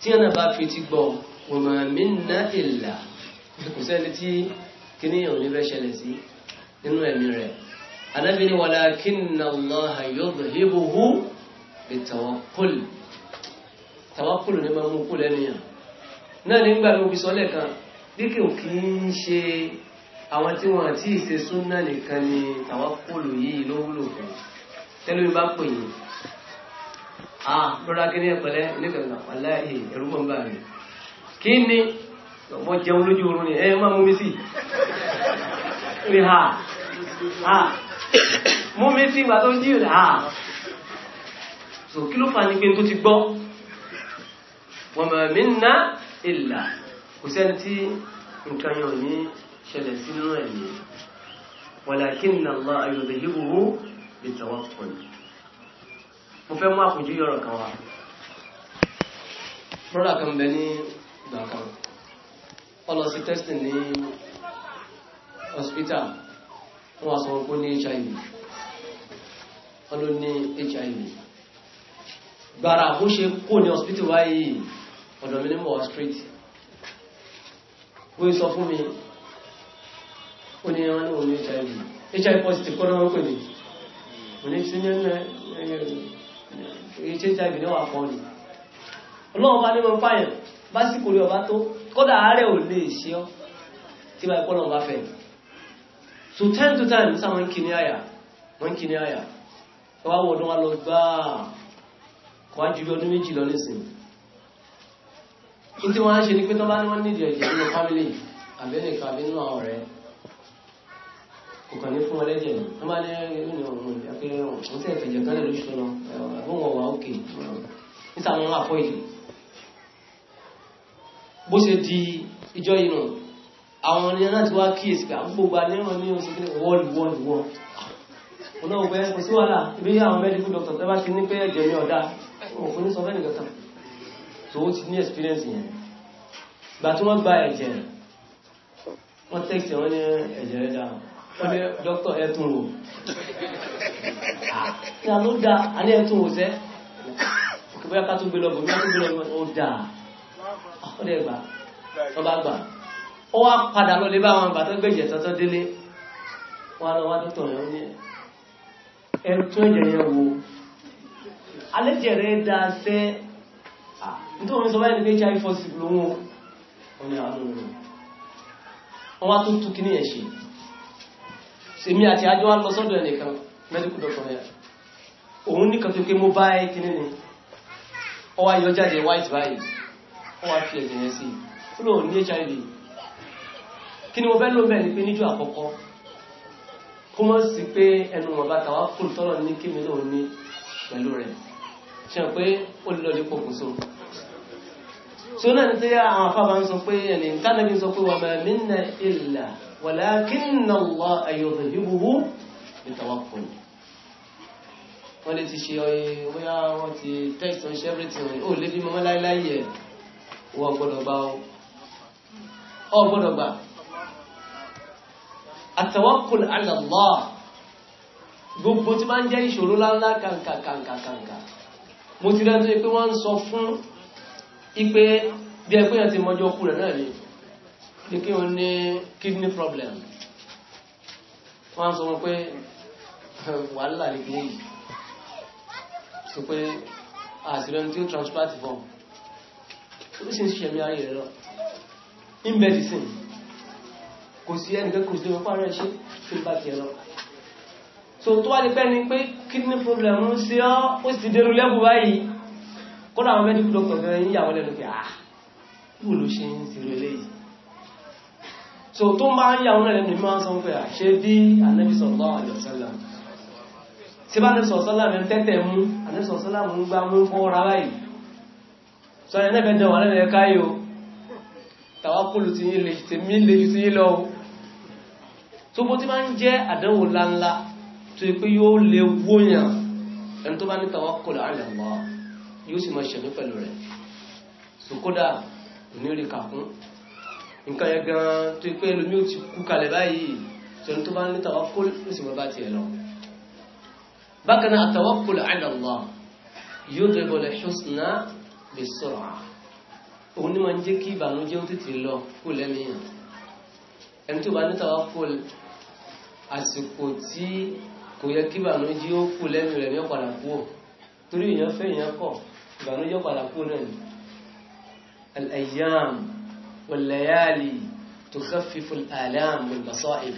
tí ẹ̀nà bá fi ti gbọ́ wa ma minna illa kò sẹ́ni tí kíníyàn ní bẹ́ẹ̀ ṣẹlẹ̀ sí nínú ẹ̀mí rẹ̀ anábì ni walakinna Allaha yudhibuhu bitawakkul tawakkul ní máa mú kú lẹ́nìyàn náà ní gbà ló fi sọ lẹ́ẹ̀kan bí kò kí ń ṣe àwọn tí wọn àti ìṣe súnà nìkan ni àwọn pòlù yìí ló wúlò fún tẹ́lómi bá pè yín à lọ́dà kí ní ẹ̀pẹ̀lẹ́ nígbàgbà pàlẹ́ ẹ̀rú mọ̀ ń ni mi ha ha mú mi sí ìgbà ń jíyò ha so kí ló fà ní ìlà kò sẹ́ni tí nǹkan yọ̀ ní ṣẹlẹ̀ sínú ẹ̀mí walakinna Allah yudhibuhu bitawakkul mo fẹ́ mú àpòjú yọ̀rọ̀ kan wá rọ́là kan bẹ ní ìgbà kan ọlọ sí testing ní hospital wọ́n wá sọ pé ní hiv wọ́n ní hiv gbàrà bó ṣe kó ní hospital wáyé ọ̀dọ̀ mi ní mọ̀ street wọ́n sọ fún mi ó ní wọ́n ní wọ́n ní hiv hiv positive kọ́ náà pè ní tí ní hiv ní wà fọ́ ni ọlọ́run bá ní mọ́ pààyàn bá sì kò rí ọba tó kọ́dà ààrẹ ò lè ṣe ọ́ tí bá ìpọ́lọ̀ bá fẹ́ so time to time sáwọn ń kìíní àyà wọ́n kìíní àyà ẹwà ọdún wa lọ gbáà kọ́ á ju ọdún nísìnyí in tí wọ́n á ṣe ní pé tọ́lá ní wọ́n nídìí ẹ̀jẹ̀ nínú family àbẹ́nìkan àbí nínú àwọn ọ̀rẹ́ kò kàn ní fún wọn lẹ́jẹ̀ ní wọ́n bá ní ẹ̀rọ ní ọ̀run ẹ̀fẹ́ òun tẹ̀ ẹ̀fẹ̀jẹ̀ kan di ìjọ inú àwọn ènìyàn náà ti wá kíyèsí pé àgbogbo aníràn ní oṣù kí wọ́ọ̀lù wọ́ọ̀lù wọ́ọ̀lù ọ̀nà òbẹ́ kò sí wàhálà ibi àwọn mẹ́rin fún dọ́kítọ̀ tẹ́ bá ti ní pé ẹ̀jẹ̀ mi ọ̀dà òfin sọ fẹ́ nìkan so ó ti ní experience yẹn gbà tí wọ́n gba ẹ̀jẹ̀ wọ́n tẹ́kì wọ́n ní ẹ̀jẹ̀ rẹ̀ dáa wọ́n ní dókítà ẹ̀tún rò ta ah, ló dáa a ní ẹ̀tún rò sẹ́ òkè bóyá ká tó gbé lọ́gbọ̀n bóyá tó gbé lọ́gbọ̀n ó dáa wọ́n dẹ̀ gbà wọ́n bá gbà ó wá padà lọ lé bá àwọn ẹ̀tún ẹ̀jẹ̀ yẹn wo alẹ́jẹ̀ rẹ̀ dáa sẹ́ Ah, nítorí wọ́n sọ báyìí ní hiv positive lóhun wọn ni àwọn olùrùn wọ́n wá tó tú kí ní ẹ̀ṣẹ́ sèmi àti ajọ́ wá lọ sọ́dọ̀ ẹnìkan medical doctor yẹn òun nìkan tó pé mobile kí ní ọ wá yọ jáde white báyìí ọ wá fi ẹ̀jẹ̀ yẹn sí ó lóun ní hiv kí ni mo fẹ́ ló bẹ̀ ni pé níjọ́ àkọ́kọ́ kó mọ́ sí pé ẹnu wọn bá tàwa kúrò tọ́lọ̀ ní kí mi lóun ní pẹ̀lú rẹ̀ ṣe pé ó lọ́ọ́ lè tí ó náà ní tí àwọn afábá ń sọ pé ẹni kánàbí sọ pé wà bá minna illa walakinna Allah yudhibuhu bitawakkul wọ́n lè ti ṣe ọyẹ wọ́yá gbogbo tí máa ń jẹ́ ìṣòro láńlá kàǹkà mo ti rẹ́ tó yẹ pé wọ́n ń sọ fún ipé bí ẹgbẹ́ yẹn ti mọjọ́ kú rẹ̀ náà ni ní kí wọ́n ní kidney problem wọ́n sọ wọn pé wàhálà ní kìí sọ pé àṣírí tí ó transplant form tó bí sí ń ayé rẹ̀ lọ in medicine kò sí ẹnìkan kò sí ọpá rẹ̀ ṣe tó bá ti ẹ̀rọ so tó wá ní pẹ́ ni pé kidney problem ń ṣe ọ́ ó sì dẹrù lẹ́bù báyìí kọ́nà àwọn medical doctor gẹ̀rẹ̀ yíyà wọ́n lẹ́nu pé ah yíò ló ṣe ń sírò eléyìí so tó ń bá ń yà wọ́n lẹ́nu ní máa ń sọ́n pé à ah, ṣe bí Ànábì sallallahu alaihi wasallam tí bá Ànábì sallallahu alaihi wasallam tẹ́tẹ̀ mú Ànábì sallallahu alaihi wasallam ń gbá mú fún ra báyìí tó bá ní tàwákùlù ala Allah yóò sì máa ṣẹ̀mí pẹ̀lú rẹ̀ sòkódà onírè kàkún nǹkan yẹn gan tó pé lómi ò ti kú kalẹ̀ báyìí tẹ̀lé tó bá ní tawakkul ó sì máa bá tiẹ̀ lọ. bákan náà at-tawakkul 'ala Allah yudhibu al-husna bis-sur'ah òun ni máa ń jẹ́ kí ìbànújẹ́ ó tètè lọ kó lẹ́mìíyàn ẹni tó bá ní tawakkul àsìkò tí kò yẹ kí ìbànújẹ́ ó kó lẹ́mìí rẹ̀ ní ọ̀padà kú torí èèyàn fẹ́ èèyàn kọ̀ ìbànújẹ́ padà kú náà ni al-ayyam wal-layali tukhaffifu al-alam wal-masa'ib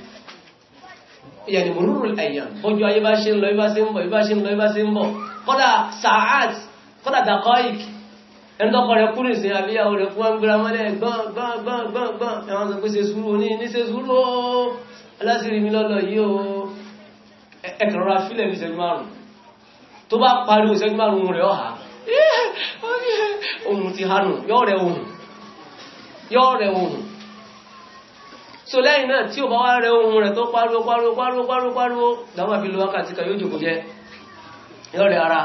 yàní mururu al-ayyam bọ́jú ayé bá ṣe ń lọ ibá ṣe ń bọ̀ ibá ṣe ń lọ ibá ṣe ń bọ̀ kọ́dà sa'at kọ́dà daqaiq ẹ̀ńdọ́kọ̀ rẹ̀ kúrò ìsìn àbíyàwó rẹ̀ fún wọn gbéra mọ́lẹ̀ gbọ́n gbọ́n gbọ́n gbọ́n ẹ̀wọ̀n sọ pé ṣe sùúrù ní ní ṣe sùúrù ooo alásìrí mi lọ́lọ́ yìí o ẹ̀kẹ̀rọ̀ra fílẹ̀ ní ṣẹ́gbẹ̀rún tó bá parí ṣẹ́gbẹ̀rún rẹ̀ ọ̀há [laughs] ohun ti hanù yọ́ rẹ ohun so lẹ́yìn náà tí o bá wá rẹ ohun rẹ̀ tó pariwo pariwo pariwo pariwo pariwo dáwọn àfi lo wákàtí kan yóò jòkó jẹ yọ́ rẹ ara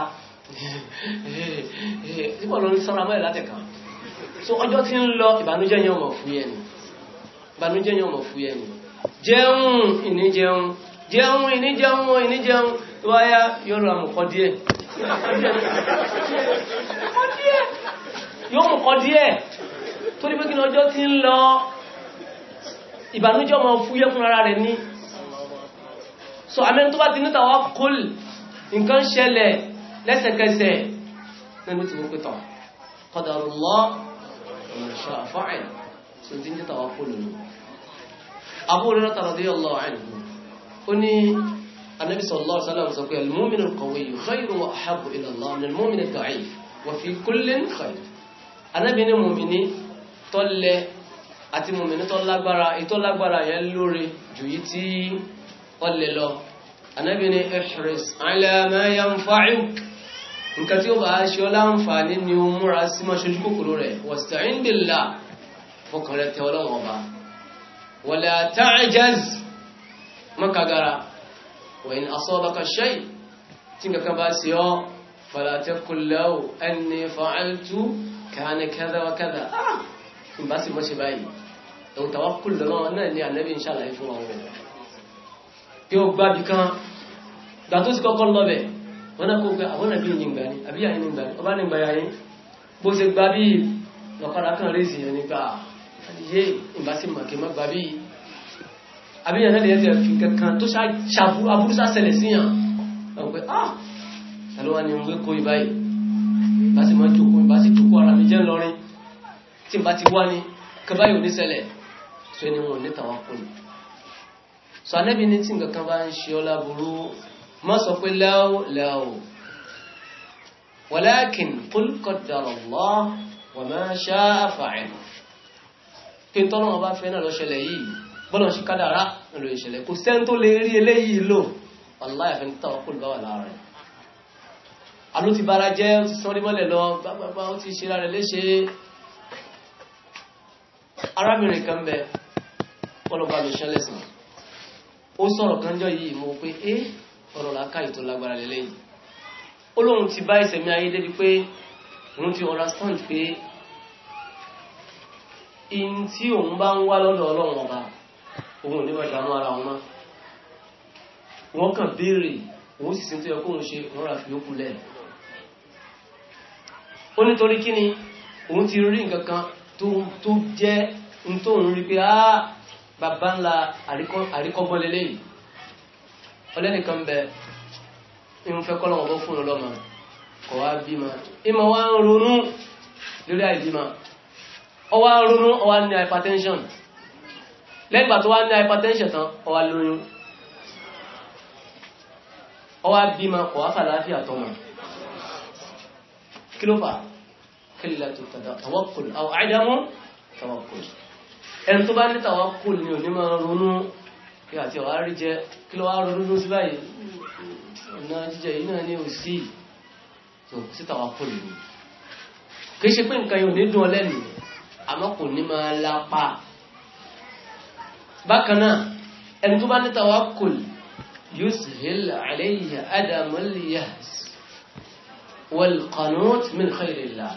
so ọjọ́ tí ń lọ ni ìbànújẹ́ yẹn ni jẹun ìní jẹun jẹun ìní jẹun ìní jẹun tó wáyá yọ́rọ̀ àmùkọ́ yóò mú kọ díẹ̀ tó ní pé kí ní ọjọ́ tí ń lọ ìbànújẹ́ ọmọ fúyẹ́ fún ara rẹ̀ ní so amẹ́ni tó bá ti ní tawakkul nǹkan ṣẹlẹ̀ lẹ́sẹ̀kẹsẹ̀ nínú ti mú pẹ́tọ̀ qadarullah wa ma sha'a fa'al so ti ní tawakkul nù Abu Hurairah radiyallahu anhu ó ní النبي صلى الله عليه وسلم يقول المؤمن القوي خير وأحب إلى الله من المؤمن الضعيف وفي كل خير أنا بين مؤمني طلع àti mùmìnì tó lágbára ètò lágbára yẹn lórí jù yí tí wọ́n lè lọ anábì ní ihris ala ma yanfa'uk nǹkan tí ó bá ṣe ọ láǹfààní ni ó múra sí máa ṣojú kòkòrò rẹ̀ wasta'in billah fọkàn rẹ̀ tẹ ọlọ́wọ́ ọba wala ta'jaz mọ́kàgára وإن أصابك الشيء تنك باسيو فلا تقل لو أني فعلت كان كذا وكذا آه باسي ما شبعي لو توكل لنا أنا اللي النبي إن شاء الله يفهم أمره يو بابي كان داتوس كوكو لوبي وانا كوكا وانا بي نينغاني ابي اي نينغاني ابا نينغاني بوسي بابي لو كان كان ريزي يعني با يعني هي ان باسي ما كما بابي àbí yẹn náà lè yẹ fi kankan tó ṣàbúrú abúrúsá ṣẹlẹ̀ sí yàn ọ̀pẹ ah ṣàlọ́wà ni mo gbé kó ibáyìí bá ti mọ́ jòkó ìbá ti jòkó ara mi jẹ́ ńlọrin tí n bá ti wá ní kẹbáyìí ò ní ṣẹlẹ̀ tó ẹni wọn ò ní tàwọn kò ní sọ anẹ́bí ní tí nǹkan bá bọ́lá ṣe kádàrá ìlú ìṣẹ̀lẹ̀ kò sẹ́ni tó lè rí eléyìí lò ọ̀lá ẹ̀fẹ́ ní tàwọn kò lè bá wà lára rẹ̀ aló ti bára jẹ́ sọ́rí mọ́lẹ̀ lọ gbágbágbá ó ti ṣe ra rẹ̀ léṣe arábìnrin kan bẹ ọlọ́ba ló ṣẹlẹ̀ sí ó sọ̀rọ̀ kanjọ́ yìí òun ti understand pé in tí òun bá ń wá lọ́dọ̀ ọlọ́run ọba òun ò ní máa dààmú wọn wọn kàn béèrè òun sì sí tó yẹ ṣe wọn rà fi ó ti rí nǹkan kan tó jẹ́ n tó ń rí pé á bàbá ńlá àríkọ́gbọ́n lélẹ́yìn ọlẹ́nìkan bẹ fẹ́ kọ́lọ́wọ́ bọ́ fún ọlọ́mọ kọ̀ wá bímọ ìmọ̀ wá ń ronú lórí àìbímọ ọwá ronú ọwá ní lẹ́gbà tó wá ní hypertension tán ọwá lóyún ọwá bímọ ọwá sàlàáfíà tọmọ kí ló fà kílẹ̀ tó tàdà tawakkul àwọn àìdámọ́ ni òní máa ronú kí àti ọ̀wá rí jẹ kí ló wá ronú sí báyìí ọ̀nà jíjẹ yìí náà ní òsì tó sí tawakkul ṣe pé nǹkan yóò ní dùn ọ ní máa lápá bákan náà ẹni tó bá ní tawakkul yushil alayhi adamul yahs wal qanut min khairillah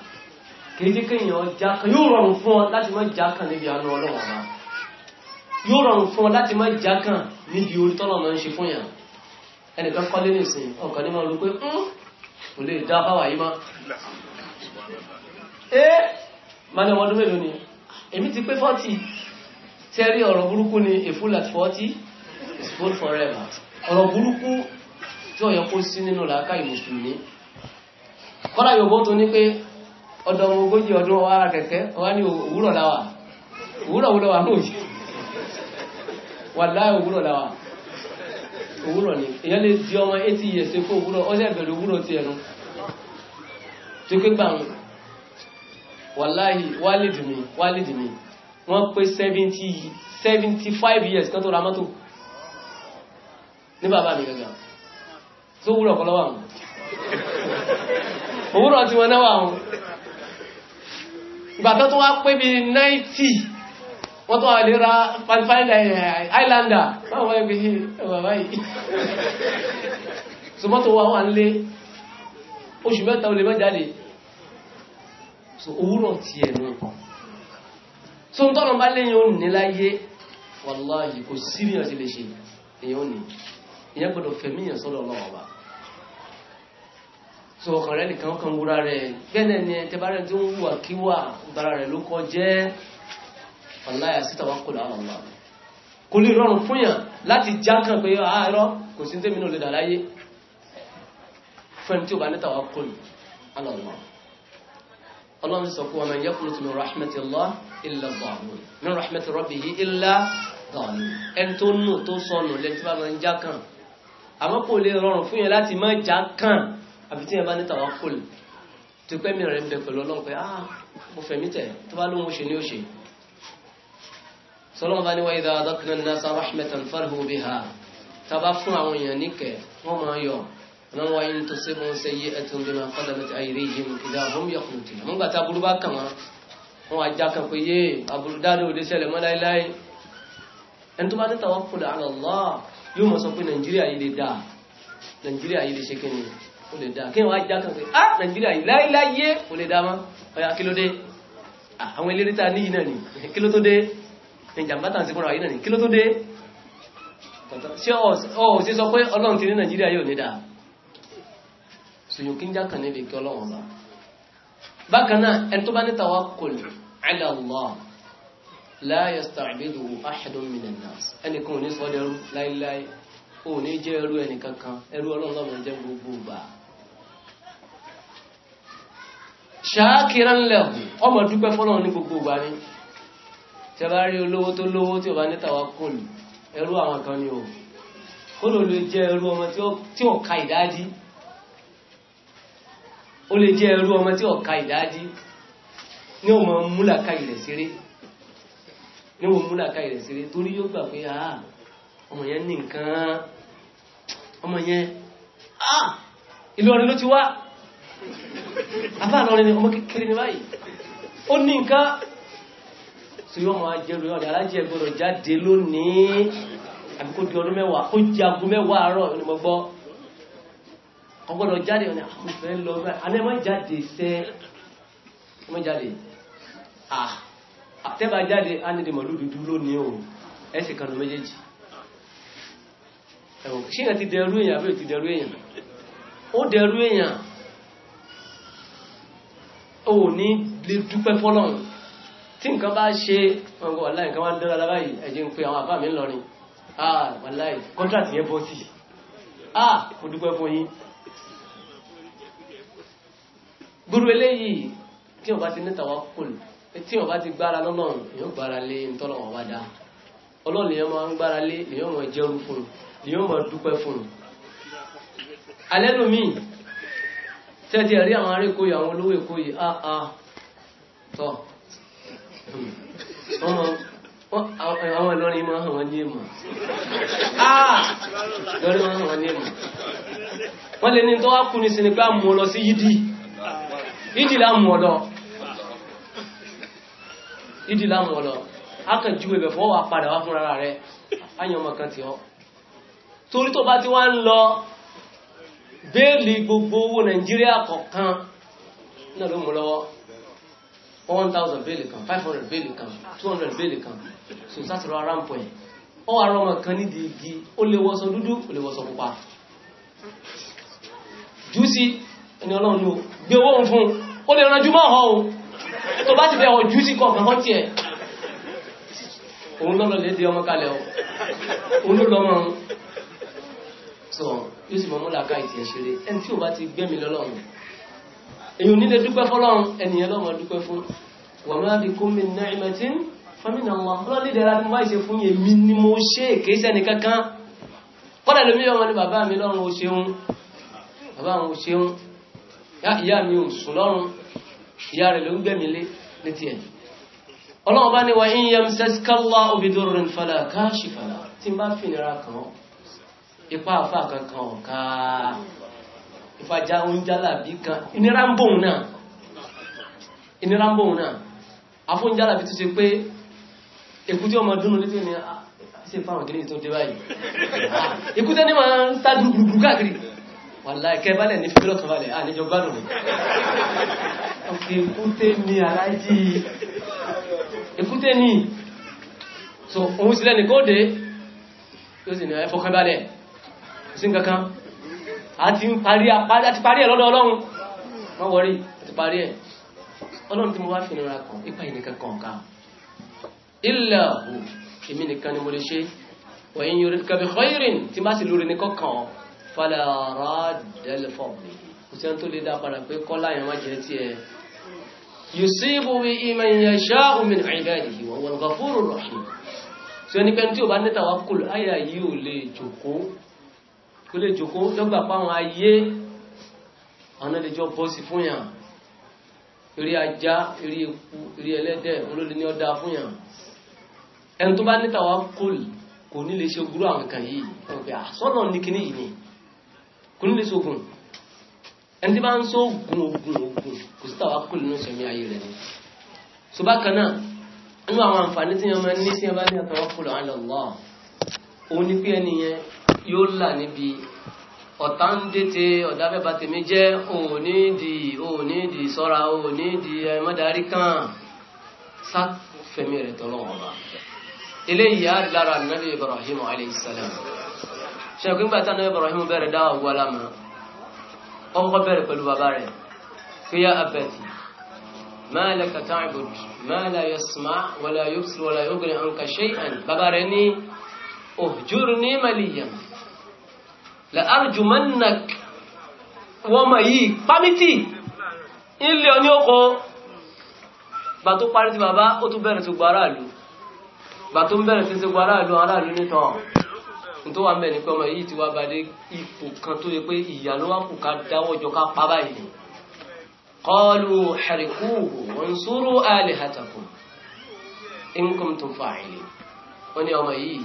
kìí kéèyàn jákan yóò rọrùn fún ọ láti mọ́ jákan níbi àánú ọlọ́wọ̀n bá yóò rọrùn fún ọ láti mọ́ jákan níbi orí tọ́lọ̀ mọ́ ń ṣe fún yàn ẹnìkan kọ́lé nìsín ọkàn ní máa rú pé hmm, kò lè dá báwà yí má eh, ẹ́ máa ní ọmọdún mélòó ni èmi ti pé fọ́tì rí ọ̀rọ̀ burúkú ni a full at forty is fool forever ọ̀rọ̀ burúkú tí ó yẹ kó sí nínú làákàyè mùsùlùmí kọ́lá yòóbó tó ní pé ọ̀dọ̀ ogójì ọdún ọwọ́ ara kẹ̀kẹ́ ọwá ní òwúrọ̀ òwúrọ̀ wà láì òwúrọ̀ ni wọ́n pé 70 75 years kan tó ra mọ́tò ní bàbá mi gẹ́gẹ́ tó wúrọ̀ ọ̀pọ̀lọ́wà wọn [laughs] òwúrọ̀ tí wọ́n náwà wọn ìgbàtọ́ tó wá pé bí 90 wọ́n tó wà lè ra panfilẹ̀ eh, islander báwọn wọ́n gbé ẹwà báyìí eh, [laughs] so mọ́tò wà wà ń lé oṣù mẹ́ta olè mẹ́jáde so òwúrọ̀ ti ẹ̀ lóòpọ̀ so ń tọ́nà bá léyìn òun ní láyé wàláhì kò sí ní ọ̀sẹ̀ lè ṣe èyàn òní ìyẹn gbọ́dọ̀ fẹ̀míyàn sọ́dọ̀ ọlọ́wọ́ bá so ọkàn rẹ nìkan kan wúra rẹ bẹ́ẹ̀ ni ẹ tí ń wà kí wà gbára rẹ ló kọ jẹ́ wàláhì ah, sí ọlọ́run sọ fún ọmọ ẹ̀yẹ́kùnrin tó mi rahmatillah illa dhalun min rahmati rabbihi illa dhalun ẹni tó nù tó sọnù lẹ́ni tí wọ́n lọ ń já kàn àmọ́ kò lè rọrùn fún yẹn láti má já kàn àbí tí yẹn bá ní tawakkul tó pẹ́ mìíràn ń bẹ pẹ̀lú ọlọ́run pé ah mo fẹ̀mí tẹ̀ tó bá lóhun ṣe ní ó ṣe sọlọ́run bá ní wa idha adaqna an-nasa rahmatan farhu biha tá bá fún àwọn èèyàn níkẹ̀ wọ́n máa yọ wọn wáyé ń tó sébọn sayyi'atun bima qadamat aydihim idha hum yaqnutun mọ́gbà tá a burú bá kàn wọ́n wọn wá já kan pé yé aburú dáadọ́ òde ṣẹlẹ̀ mọ́ ẹni tó bá ní tawakkul ala Allah yóò mọ̀ sọ pé nàìjíríà yìí lè dà nàìjíríà yìí lè ṣe kí ni ó lè dà kí wọ́n já kan pé ah nàìjíríà yìí láíláyé ó lè dà mọ́ ọ̀yà kí ló dé àwọn eléré ta níyì náà ni [laughs] kí ló tó dé ìjàmbá tàn sí fúnra ni kí ló tó dé ṣé ọ̀ sí sọ pé ọlọ́run ti ní nàìjíríà yóò kan níbi kí ọlọ́run bákan náà ẹni tó bá ní tawakkul ala Allah la yasta'biduhu ahadun minan nas ẹnìkan ò ní sọ dẹrú láíláí ò ní jẹ́ ẹrú ẹnìkankan ẹrú ọlọ́run lọ́mọ jẹ́ gbogbo gbà ṣáàkìrán lẹ́hù ọmọ dúpẹ́ fọ́lọ́run ní gbogbo gbà ní tẹ́bá rí olówó tó lówó tí ó bá ní tawakkul ẹrú àwọn kan ni ò kó lò lè jẹ́ ẹrú ọmọ tí ó ka ìdájí ó lè jẹ́ ẹrú ọmọ tí ọ̀ka ìdájí ní ọmọ múlàká ìrẹ̀ síré ní ọmọ múlàká ìrẹ̀ síré torí yóò gbà pé àà ah, ọmọ yẹn ní nǹkan ọmọ yẹn àà ah, Ìlọrin ló ti wá àbá Ìlọrin ni ọmọ kékeré ní báyìí ó ní nǹkan tí yóò máa jẹ́ lóyún ọ̀dà alájẹ́ gbọ́dọ̀ jáde lónìí àbíkó di ọdún mẹ́wàá ó jagun mẹ́wàá àárọ̀ ni mo gbọ́ ọgbọ́dọ̀ jáde ọ̀nà àfẹ́fẹ́ ah, lọ bẹ́ẹ̀ anẹ́mọ́ jáde sẹ́ ọmọ jáde àtẹ́bà ah, jáde ánìdìmọ̀ lúdúdú lónìí o ẹ̀sìn kanu méjèèjì ẹ̀wọ̀n ṣé èèyàn ti dẹrú èèyàn àbí ti dẹrú èèyàn ó dẹrú èèyàn ó ní lè dúpẹ́ fọ́lọ́run tí nǹkan bá ṣe ọgbọ̀n wàláì nǹkan wá ń dára lábáyìí ẹ̀jẹ̀ ń pe àwọn àbá mi ńlọrin ah wàláì kọ́ńtrátì yẹn bọ́ sí ah mo dúpẹ́ fún yín gbúrú eléyìí tí wọ́n bá ti ní tawakkul tí wọ́n bá ti gbára lọ́lọ́run èèyàn gbára lé ntọ́lọ́ wọn bá dá ọlọ́run lèèyàn máa ń gbára lé lèèyàn máa jẹun fún un lèèyàn máa dúpẹ́ fún un. alẹ́ lomi tẹ́tí ẹ̀rí àwọn ará èkó yìí àwọn olówó èkó yìí á á tọ́ àwọn ìlọrin máa hàn wọ́n ní èèmọ̀ á ìlọrin máa hàn wọ́n ní èèmọ̀ wọ́n lè ní tọ́wá kú ní sinipá mú lọ sí yídì ìdìlá mú ọlọ́ ìdìlá mú ọlọ́ akẹjú ẹ̀bẹ̀ fọ́ wà padà wá fúnra rẹ̀ ayọ̀ ọmọ kan ti ọ́ torí tó bá ti wá ń lọ béèlì gbogbo owó nàìjíríà kọ̀ọ̀kan náà ló mú lọ́wọ́ 1000 béèlì kan 500 béèlì kan 200 béèlì kan so sátìrọ arámpọ̀ ẹ̀ ọ wà rọmọ kan nídi igi ó lè wọ́sọ dúdú ó lè wọ́sọ pupa jùsí ẹni ọlọ́run ló gbé owó fún un ó lè ranjú mọ́ ọ̀họ́ o tó bá ti fẹ́ ọjú sí kọ̀ọ̀kan mọ́ tiẹ̀ òun lọ́lọ́ lè dé ọmọ kalẹ̀ o òun ló lọ́mọ ọ̀hún sọ yóò sì mọ́ mú làákà ìtì ẹ̀ṣẹ̀rẹ̀ ẹni tí ò bá ti gbẹ́mi lọ́lọ́run èyí ò nílé dúpẹ́ fọ́lọ́run ẹnìyẹn lọ́mọ dúpẹ́ fún wà má bí kó mi ná ìmẹ̀tí fọ́mìnà wọn ọlọ́lẹ́ ìdẹ̀ra ni wọ́n ṣe fún èmi ni mo ṣe èkéyìí sẹ́ni kankan kọ́lẹ̀ lómi ọmọ ni bàbá mi lọ́run ò ìyá mi ò sùn lọ́rùn ìyá rẹ̀ ló ń gbẹ̀mí lé ní ti ẹ̀yìn ọlọ́run bá ní wa in yamsaskallahu bidurrin fala kashifa lahu tí n bá fìnira kan ipa àfa kankan ọ̀ka ìfajà oúnjálàbí kan ìnira ń bòun náà ìnira ń bòun náà afóúnjálàbí tó ṣe pé èkú ọmọ dúnú létí ah, [laughs] ní ṣe ní wàláì kẹbálẹ̀ ní fílọ̀ kan balẹ̀ àníjọ gbádùn ní ọkè kúté ní aláìjí ìkúté ní so òun sílẹ̀ ní kóòdé yóò sì ní ẹfọ́ kan balẹ̀ sí kankan a ti parí ẹ̀ lọ́dọ̀ ọlọ́run wọ́n wọ́rí ti parí ẹ̀ ọlọ́run tí mo wá fi nira kan ipa ìnìkan kọ̀ọ̀kan ilẹ̀ ọ̀hún èmi nìkan ni mo lè ṣe wọ̀nyí yorùbá kẹbẹ̀ khairin tí má sì lórí ní kọ̀ọ̀kan fala radda li fadlihi kò sí ẹni tó lè dá padà pé kọ́lá yẹn má jẹ́ tiẹ̀ yusibu bihi man yasha'u min ibadihi wa huwa al-ghafuru rahim tí ó ní pẹ́ntí ò bá ní tawakkul ayà yìí ò lè jòkó kó lè jòkó lọ́gbà páwọn ayé ọ̀nà lè jọ bọ́sí fún yàn eré ajá eré eku eré ẹlẹ́dẹ̀ olóde ní ọdá fún yàn ẹni tó bá ní tawakkul kò ní lè ṣe gúrú àwọn kan yìí ọ̀pẹ́ àsọ́nà ah, ní kíní yìí ni kò ní lè sógun ẹni tí bá ń sógun ogun ogun kò sí tàwa kò nínú sẹ̀mí ayé rẹ̀ ni so bákan náà nínú àwọn àǹfààní tí yẹn máa ní sí ẹ bá ní àtàwákùlù ala Allah òun ni pé ẹni yẹn yóò là níbi ọ̀tá ń dètè ọ̀dà tèmi jẹ́ òní di òní di sọ́ra òní di ẹ̀mọ́darí kan sá fẹ̀mí rẹ̀ tọ́lọ́wọ́n ọba eléyìí á rí lára nàbí Ibrahim alayhi salam ṣẹ̀kùn gbà tánà Ibrahim bẹ̀rẹ̀ dáwà gbọ́ alámà ọkọ̀ bẹ̀rẹ̀ pẹ̀lú bàbá rẹ̀ kí yá abẹ́tì máa lẹ́ka ta'bud máa la yasma wala yubsir wala yughni anka shay'an bàbá rẹ̀ ní ohjurni maliyan la arjumannak wọ́n mọ̀ yìí pàmítì ilé ọ ní ọkọ̀ gbà tó parí ó tún bẹ̀rẹ̀ aráàlú gbà tó wà mẹ́rin pé ọmọ yìí ti wá balẹ̀ ipò kan tó yẹ pé ìyá ló wá kù ká dáwọ́jọ ká pa báyìí qalu harikuhu wansuru alihatakum in kuntum fa'ilin wọ́n ní ọmọ yìí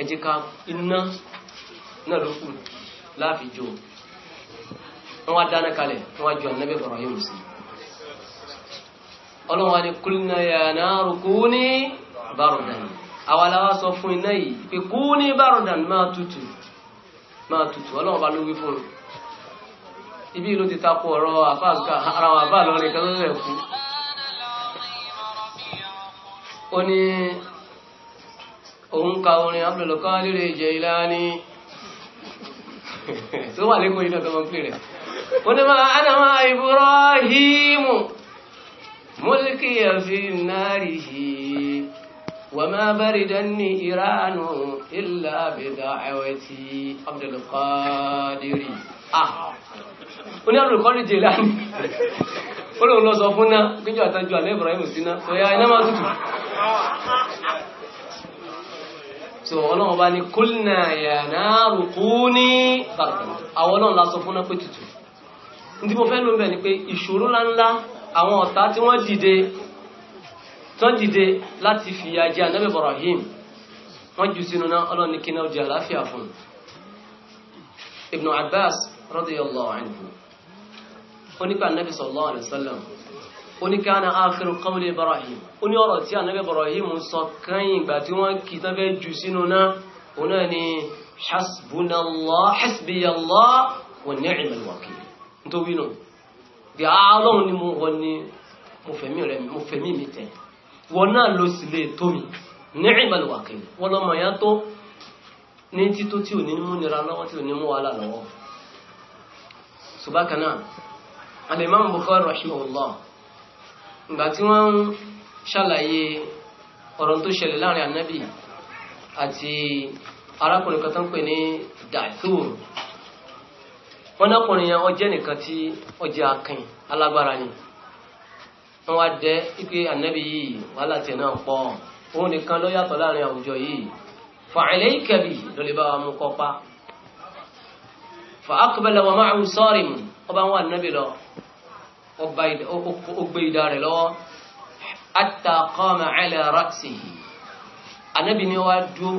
ẹ jẹ́ ká iná náà ló kù láàfijó wọ́n wá dáná kalẹ̀ wọ́n wá jọ ànábì Ibrahim sí ọlọ́wọ́n ni kulna ya naru kuni bardan àwa la wá sọ fún iná yìí pé kú ní bárọ̀dàn máa tutù máa bá ló fún ibi ló ti takò ọ̀rọ̀ àfáàgbà ara wa bá lọ́rin kan lọ́rẹ̀ kú ó ní òun ka orin abúlọ̀lọ́kọ́ lérè ìjẹ ilá ní tó wà lẹ́kọ̀ọ́ Ibrahimu mulki fi narihi وما بردني إيران إلا بدعوتي عبد القادر آه ó ní Abdulkadir Jelani ó lóun lọ sọ fún náà gbíjọ àtàjọ alẹ́ Ibrahim síná tó yá iná máa tútù so ọlọ́run bá ní kúlnà yàná rukuni àwọn ní tí àwọn ọ̀tá tí tán dìde láti fìyà jẹ anábì Ibrahim wọ́n jù sínú náà ọlọ́run ní kíná ojú àláfíà fún Ibn Abbas radiyallahu anhu onípa anábì sallallahu alaihi wasallam oníkàánà ákìrù kọmùlé Ibrahim ó ní ọ̀rọ̀ tí anábì Ibrahim sọ kẹ́yìn ìgbà tí wọ́n kì tán fẹ́ jù sínú náà òun náà ni hasbunallah hasbiyallah wa ni'mal wọn náà ló sì lè tó mi ní ìmọ̀lùwàkìlì wọn lọ́mọ ya tó ní tító tí ò ní mú nira lọ́wọ́ tí ò ní mú wàhálà lọ́wọ́ ṣùgbọ́n kanáà alimam Bukhari rahimahullah ìgbà tí wọ́n ń ṣàlàyé ọ̀rọ̀ tó ṣẹlẹ̀ láàrin ànábì àti arákùnrin kan tó ń pè ní dàìtúù wọn nákùnrin yẹn nìkan tí ó akin alágbára ni wọ́n wá dẹ́ ike ànábì yìí wàhálà tiẹ̀ náà pọ̀ òun nìkan ló yàtọ̀ láàrin àwùjọ yìí fàìlẹ́ ìkẹbì ló lè bá wa mú kọ́pá fàákùbẹ̀lẹ̀ wà máa ń sọ́ọ̀rì mu ọba ń wà ànábì lọ ó gbé idà rẹ̀ lọ́wọ́ àtàkọ́mà ẹ̀lẹ́ rásì ànábì ni wàá dúró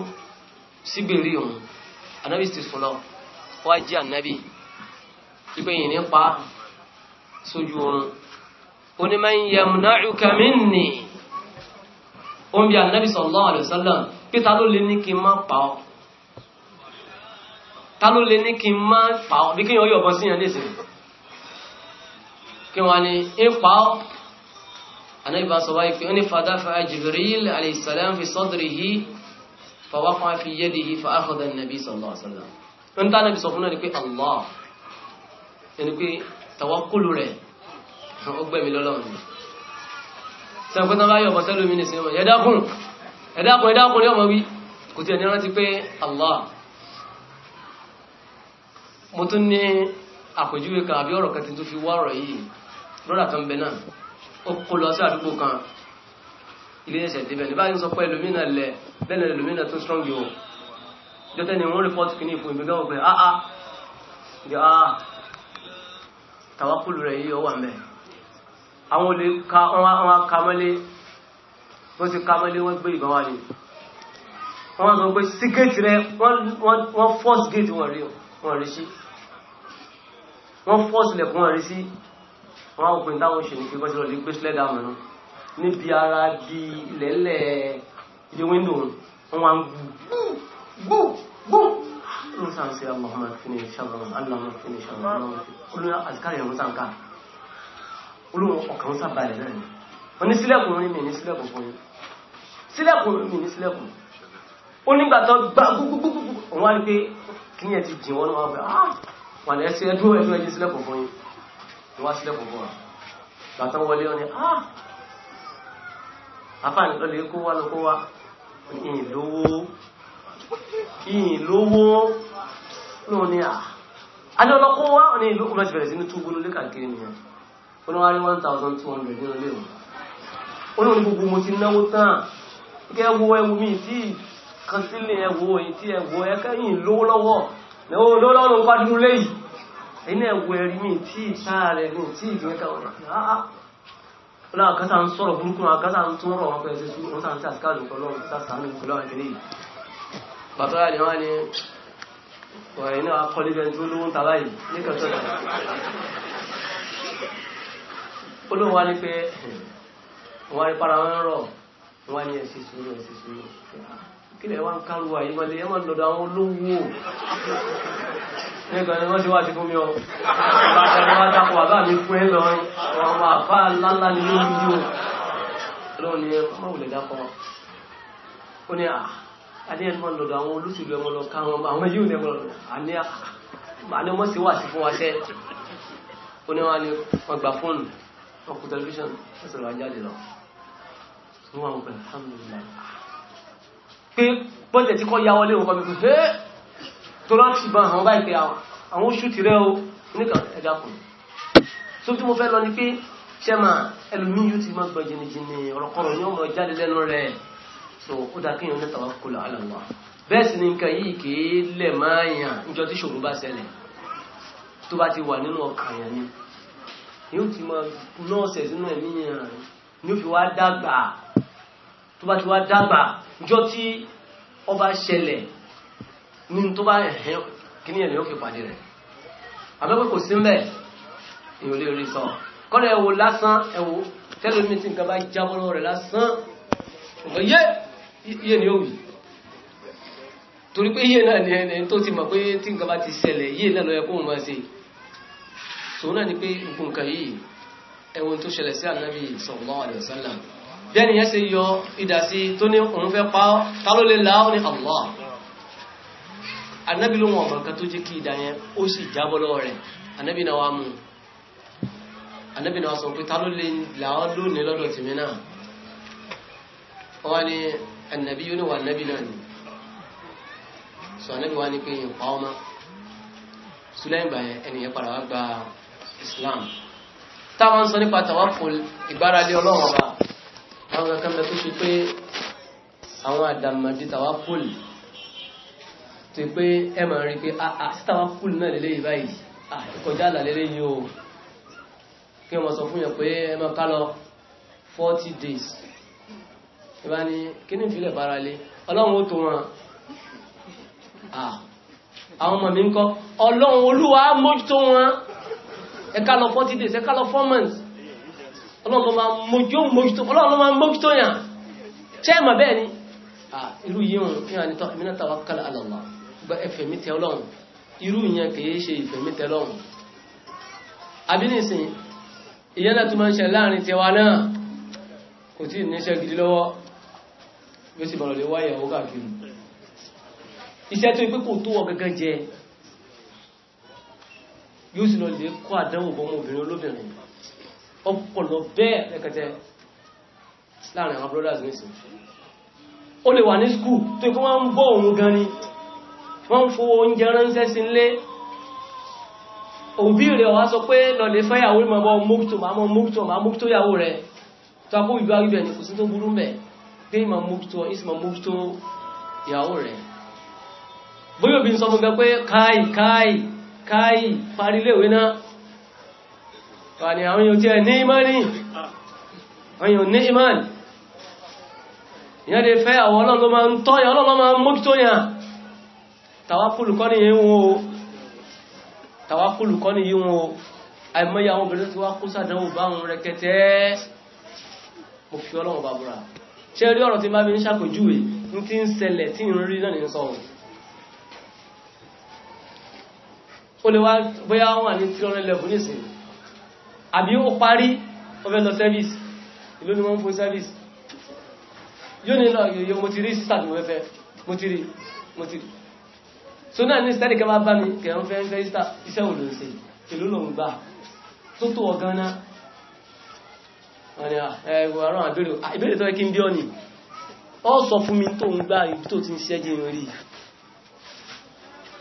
sígbèrè òun ànábì sì fún wàá jí ànábì ìgbẹ̀yìn nípa sójú oorun oni man yamna'uka minni o n bí anabi sallallahu alaihi wasallam pé ta ló lè ní kí n má pa ọ́ ta ló lè ní kí n má pa ọ́ bí kí n yọ bọ́ sí yẹn lẹ́sìn kí wọ́n ní ń pa sọ wáyé pé ó ní Jibril alayhi fi sadrihi fa waqa'a fi yadihi fa akhadha an-nabi sallallahu alaihi ń tá anabi sọ fún náà ni pé allah ẹni pé tawakkulu rẹ̀ ó gbẹ̀mí lọ́lọ́run ni sọ pé tán bá yọ̀ bọ́sẹ́lú mi nìsín ọmọ ẹ̀dákùn ẹ̀dákùn ẹ̀dákùn yọmọ wí kò tí ẹ̀ ní rántí pé Allah mo tún ní àpèjúwe kan àbí ọ̀rọ̀ kan tí tó fi wá ọ̀rọ̀ yìí lọ́dà tó ń bẹ náà ó kó lọ sí àdúgbò kan ilé ẹsẹ̀ débẹ̀ ní báyìí ń sọ pé ẹlòmínà lẹ bẹ́ẹ̀ ẹlòmínà tó strong yìí o jọ́tẹ́ ni wọ́n rìpọ́tù kìíní fún ìgbẹ́gbẹ́ ọ̀gbẹ́ àá àá tàwákùlù rẹ̀ yìí ọwà mẹ́rin àwọn olè ka wọn ka mọ́lé wọ́n ti ka mọ́lé wọ́n gbé ìbọn wá ní wọ́n sọ pé sí géètì rẹ wọ́n fọ́s géètì wọ́n rí wọ́n rí sí wọ́n fọ́s lẹ̀kùn wọ́n rí sí wọ́n á táwọn ṣe ní pé bọ́sí lè gbé sílẹ̀ dàmú nù níbi ara bí lẹ́lẹ̀ ilé wíńdò wọn wá ń gbú gbú gbú. musa ń ṣe Allahumma fini shabran Allahumma fini shabran olùyà àtikáyọ̀ musa ń ká olóhùn ọkàn sábàlẹ̀ náà ni wọ́n ní sílẹ̀kùn orin mi ní sílẹ̀kùn fún yín sílẹ̀kùn orin mi ní sílẹ̀kùn ó nígbà tó gbá gbúgbúgbúgbú òun wá ní pé kí ni ẹ ti jìn wọ́n wọn fẹ́ ah, wà ní ẹsẹ̀ ẹdúró ẹdúró ẹjẹ sílẹ̀kùn ni wọ́n sílẹ̀kùn fún wa bàtà wọlé ọ ni ah! àfààní lọlẹ̀ ni oníwà ní one thousand two hundred nínú ilé òun olóhùn ní gbogbo mo ti náwó tán kí ẹ wo ẹwu mi tí kan sílẹ̀ ẹwọ èyí tí ẹwọ ẹkẹyìn lówó lọ́wọ́ lówó lọ́wọ́ ló ń pàdúrú léyìí ẹni ẹwọ ẹ̀rí mi tí ìsáà rẹ̀ mi tí ìgbìyànjú láwọn kásá ń sọ̀rọ̀ burúkú náà kásá ń tún rọ̀ wọn pẹ̀lú ṣe wọ́n sáà ń sáà skáàlù pẹ̀lú ọ̀rọ̀ sáà ní ìpínlẹ̀ àìlè bàbá rẹ̀ wọ́n ni ọ̀rẹ́ náà akọ́lébẹ̀ tó lówó ń tàbáyì ní kẹsàn-án olóhùn wa ní pé wọ́n rí para wọn rọ̀ wọ́n ní ẹ̀sì sùúrù ẹ̀sì sùúrù kí lẹ̀ wá ń kárù wà yìí wọlé ẹmọ lọ́dọ̀ àwọn olówó nígbà ni wọ́n ti wá ti fún mi ọ ìbáṣẹ́ wọn dákọ̀ wà bá mi fún ẹ lọ wọn ní ni ọmọ òwúlẹ̀ wọ́n sì wà sí fún wa sẹ́ ó ní wọn gbà fóònù ọkù tẹlifíṣàn ẹsẹ̀rọ̀ ajáde lọ wọ́n wọ́n pẹ̀lú alhamdulillah pé pọ́jẹ̀ tí kọ́ ya wọlé òkọ́ mi pé tó rántí bá àwọn báyìí pé àwọn oṣù ti rẹ́ o nìkan ẹ̀dá kù tó tí mo fẹ́ lọ ni pé ṣe máa ẹlòmí yóò ti máa gbọ́ jìnnìjìnnì ọ̀rọ̀kọ̀rọ̀ ni ó mọ̀ jáde lẹ́nu rẹ̀ so ó dá kéèyàn ní tawakkul ala Allah bẹ́ẹ̀ sì ni nǹkan yìí kìí lẹ̀ máa yàn níjọ tí ṣòro bá ṣẹlẹ̀ tó bá ti wà nínú ọkàn yẹn ni ni ó ti máa nọ́ọ̀sẹ̀ sínú ẹ̀mí yẹn ni ó fi wá dàgbà tó bá ti wá dàgbà ìjọ tí ba ṣẹlẹ̀ ní tó bá ẹ̀hẹ́ kíní ẹ̀lẹ́ ó fi pàdé rẹ̀ àbẹ́pẹ́ kò sí mbẹ̀ èyí ò lè rí sọ kọ́lẹ̀ ẹ̀wò lásán ẹ̀wò tẹ́lẹ̀ mi ti nǹkan bá jábọ́ rẹ̀ lásán ọ̀gbẹ́ yé iye ni ó wì torí pé iye náà ni ẹni tó ti mọ̀ pé tí nǹkan bá ti ṣẹlẹ̀ iye náà ló yẹ mọ̀ sí i sòun náà ni pé nǹkan yìí ẹwọ́n tó ṣẹlẹ̀ sí ànábì sallallahu alaihi wasallam bẹ́ẹ̀ni yẹn ṣe yọ idà sí tó ní òun fẹ́ pa ta ló lè là ó ní Allah ànábì ló wọn ọ̀mọ̀ kan tó jẹ́ kí idà yẹn ó sì jábọ́ lọ́wọ́ rẹ̀ ànábì náà wá mú ànábì náà sọ pé ta ló lè là ó lónìí lọ́dọ̀ tèmi náà wọ́n ní ànábì yóò ní wà ànábì ni sọ ànábì wá ní pé yìí pa ọmọ sùlẹ́yìn yẹn ẹnìyẹn padà gba Islam táwọn sọ nípa tawakkul ìgbáralé ọlọ́run ọba àwọn kankan bẹ tó ṣe pé àwọn àdàmàdì tawakkul tó pé ẹ máa rí pé àti ah, ah, tawakkul náà lélẹ́yìí báyìí ìkọjá ah, àlà lélẹ́yìí o kí wọ́n sọ fún yẹn pé ẹ máa ká lọ 40 days ìbá ni kí ní ìfilẹ̀ bára lé ọlọ́run ó tó wọn àwọn ọmọ mi ń kọ́ ọlọ́run olúwa mójútó wọn ẹ̀ká lọ 40 days ẹ̀ká lọ 4 months ọlọ́run ló máa mójútó yàn tẹ́ẹ̀mà bẹ́ẹ̀ ni irú yíò yíò ní tọ́ ìmìnà tawakkal ala Allah gbọ́ ẹfẹ̀mí tẹ́ ọlọ́run irú yẹn kìí ṣe ìfẹ̀mí tẹ́ ọlọ́run abínísìn ìyẹn náà tó máa ń ṣe láàrin tẹwa náà kò tí níṣẹ́ gidi lọ́wọ́ yóò sì bọ̀rọ̀ lè wáyàwó káàkiri iṣẹ́ tó ipé kò tó wọ gẹ́gẹ́ jẹ yóò sì lọ lè kó àdánwò bọ́ ọmọbìnrin olóbìnrin ọpọlọ bẹ́ẹ̀ lẹ́kẹtẹ láàrin àwọn brothers ní ìsìn ó lè wà ní skúù tó ikú wọ́n ń bọ́ òun gan ni wọ́n ń fowó oúnjẹ ránṣẹ́ sí nlé òbí rẹ̀ wá sọ pé káì paríléwé náà wà ní àwọn yóò jẹ́ ní ìmánì àwọn yóò ní ìmánì ìyẹn lè fẹ́ àwọn ọlọ́run ló máa ń tọ́ yẹn ọlọ́run ló ń mójútó yẹn tàwákùlù kọ́ nìyí wọn o mo fi ọlọ́run bá búra ṣé rí ọ̀rọ̀ tí bá fi ń ṣàpèjúwe ní ti ń ṣẹlẹ̀ tí ń rí náà ní ó lè wá ni wọ́n fún service yóò ní lọ yóò mo ti rí sísà tí mo fẹ́ mo ti rí mo náà ní sẹ́dì kẹwàá bá mi kẹwàá fẹ́ fẹ́ sísà iṣẹ́ òlò ìlú lòun gbà tó tó ọ̀gán náà wọ́n ni ẹgbẹ̀rún àrùn àbẹ̀rẹ̀ ìbẹ̀rẹ̀ tó yẹ kí n bí ọ́nì ọ sọ fún mi tó ń gbà ibi tó ti ń ṣẹ́jì rí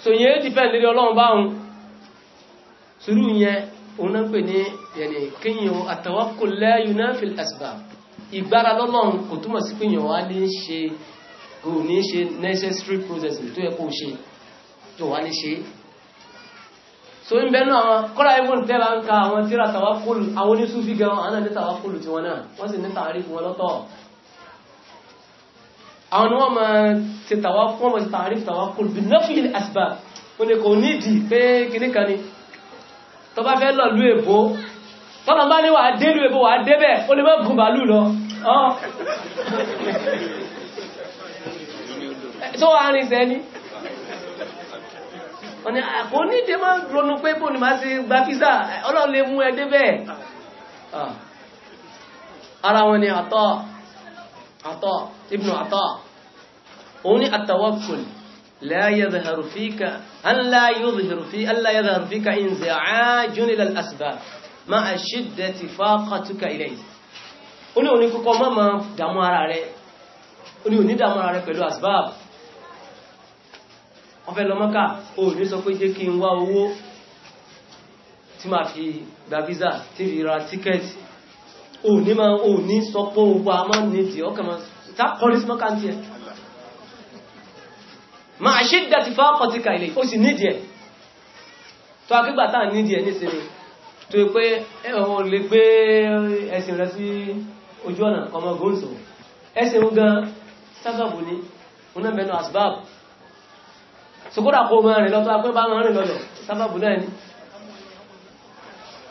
so yẹn dìpẹ́ lérí sùúrù yẹn òun náà pè ní yẹni kíyàn àtàwákùn lẹ́yìn náà fi ẹ̀sìbà ìgbára lọ́lọ́run kò túmọ̀ sí kíyàn wá ní ṣe kò ní ṣe necessary process tó yẹ kó ṣe tó wá ní ṣe so ń bẹ́nu àwọn kọ́lá ibùn tẹ́ bá ń ka àwọn tíra tàwákùn àwọn oníṣúfì gan àwọn náà ní tàwákùn tí wọn náà wọ́n sì ní tàárí fún wọn lọ́tọ̀ àwọn wọn ma ti tàwákùn wọn ma ti tàárí fún tàwákùn bí náfìlì ẹ̀sìbà wọn ni kò nídìí pé kìnnìkan ni tó bá fẹ́ lọ̀lú èbó tọ́nà bá ní wà délú èbó wà débẹ̀ ó lè mọ́ gùn bàálù lọ tó wà rìn sẹ́ni ọ̀nà àkó ní ìdí máa ronú pé bò ní máa ti gba físà ọlọ́run lè mú ẹ débẹ̀ ara wọn ni àtọ́ àtọ́ ibnu àtọ́ òun ni àtàwọ́kùnrin لا يظهر فيك أن لا يظهر في أن لا يظهر فيك انزعاج إلى الأسباب مع شدة فاقتك إليه ó ní òní kọ́kọ́ má máa dàmú ara rẹ̀ ó ní òní dàmú ara rẹ̀ pẹ̀lú asbab wọ́n fẹ́ lọ Mọ́kà ó ní sọ pé jẹ́ kí n wá owó tí máa fi gba visa tí fi ra tíkẹ́ẹ̀tì ó ní sọ pé ó wà má ní ìdí ọkà máa tá kọ́rí sí Mọ́kà ń tiẹ̀ ma a ṣe dá ti fá kọtíkà ilé ó sì nídìí ẹ̀ tó akígbà táà nídìí ẹ̀ nísìnyí tó yí pé ẹ̀hùn lè gbé ẹ̀sìn rẹ̀ sí ojú ọ̀nà ọmọ góńsò ẹ̀sìn mú gan sábàbù ni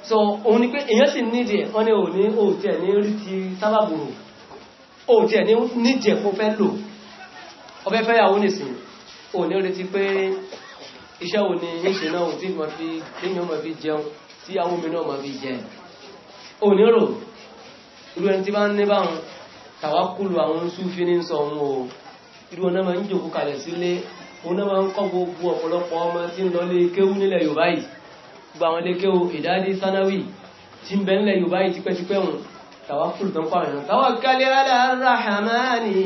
so òun ni pé èyàn sì nídìí ẹ̀ wọ́n ní òní òòtí ẹ̀ ní rí fẹ́ fẹ́ yàwó nìsìn ò ní retí pé iṣẹ́ wo ni ń ṣe náà tí wọ́n fi léyìn ọmọ fi jẹun tí àwọn omi náà máa fi jẹ ò ní rò irú ẹni tí bá ń ní báwọn tàwákùlù àwọn súnfí ní sọ òun o irú ọ̀nà máa ń jòkó kalẹ̀ sílé òun náà máa ń kọ́ gbogbo ọ̀pọ̀lọpọ̀ ọmọ tí ń lọ lé kéwú nílẹ̀ Yorùbá yìí tàwákùlù tó ń pààrọ̀ náà tawakkal ala arrahmani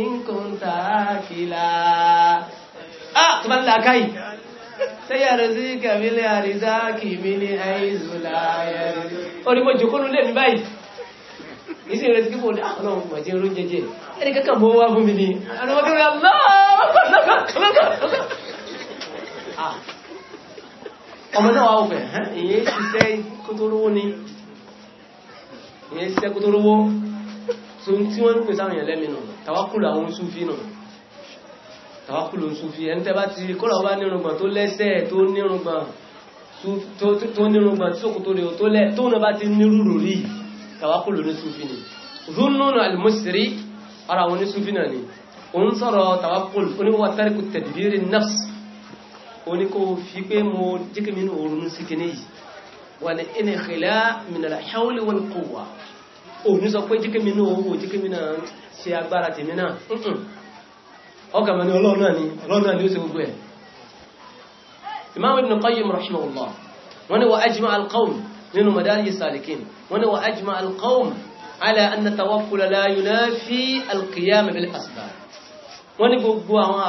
in kunta ah tó bá nílá káyì sẹ́yàrá sí kàmílẹ̀ àrídá kìí ní àìzùlá ayẹrẹ onímọ̀ jòkónú lè ní báyìí ìsìn rẹ̀ síkí bòlì àwọn ọmọ ọmọ jẹ́ oúnjẹ jẹ́ ẹni kankan mọ́ wá fún mi ni àwọn ọmọ kankan náà ọmọ náà wà ọ̀fẹ́ ìyẹn ṣiṣẹ́ kótórówó ni ìyẹn ṣiṣẹ́ kótórówó tó tí wọ́n ń pè sáwọn èèyàn lẹ́mìnà tàwákùlù àwọn oṣù fi náà tàwákùlù sufi ẹni tẹ́ bá ti rí kọ́lá ọba nírùngbọ̀n tó lẹ́sẹ̀ tó nírùngbọ̀n tí sókò tó rí o tó lẹ́ tó náà bá ti nírùrù rí tàwákùlù ní sufi ni zunnun al-musri ara wọn ní sufi náà ni òun sọ̀rọ̀ tàwákùlù oníwà tariku tadbiri nafs oní kò fi pé mo ní òórùn sí ọkà mọ̀ ní ọlọ́run náà ni ọlọ́run náà ni ó ṣe gbogbo ẹ̀ Imam Ibn Qayyim rahimahullah wọ́n ni wa ajma al-qawm nínú Madarij as-Salikin wọ́n ni wa ajma al-qawm ala anna tawakkul la yunafi al-qiyam bil asbab wọ́n ni gbogbo àwọn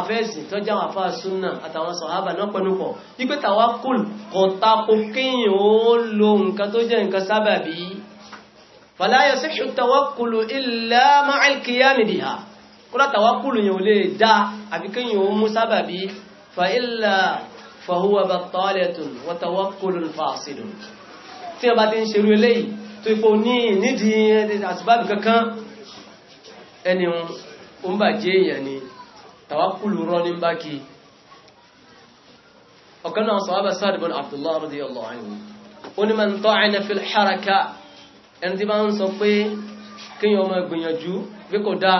kódà tàwákùlù yìí ò lè dá àbíkẹ́yìn òun mú sábàbí fa illa fahuwa battalatun wa tawakkulun fasidun tí a bá ti ń ṣerú eléyìí tó ipò ní nídìí àsìbábì kankan ẹni òun bà jẹ́ èèyàn ni tàwákùlù rọ́ ní bá kí ọ̀kan náà sọ̀rọ̀ sọ bí kò dáa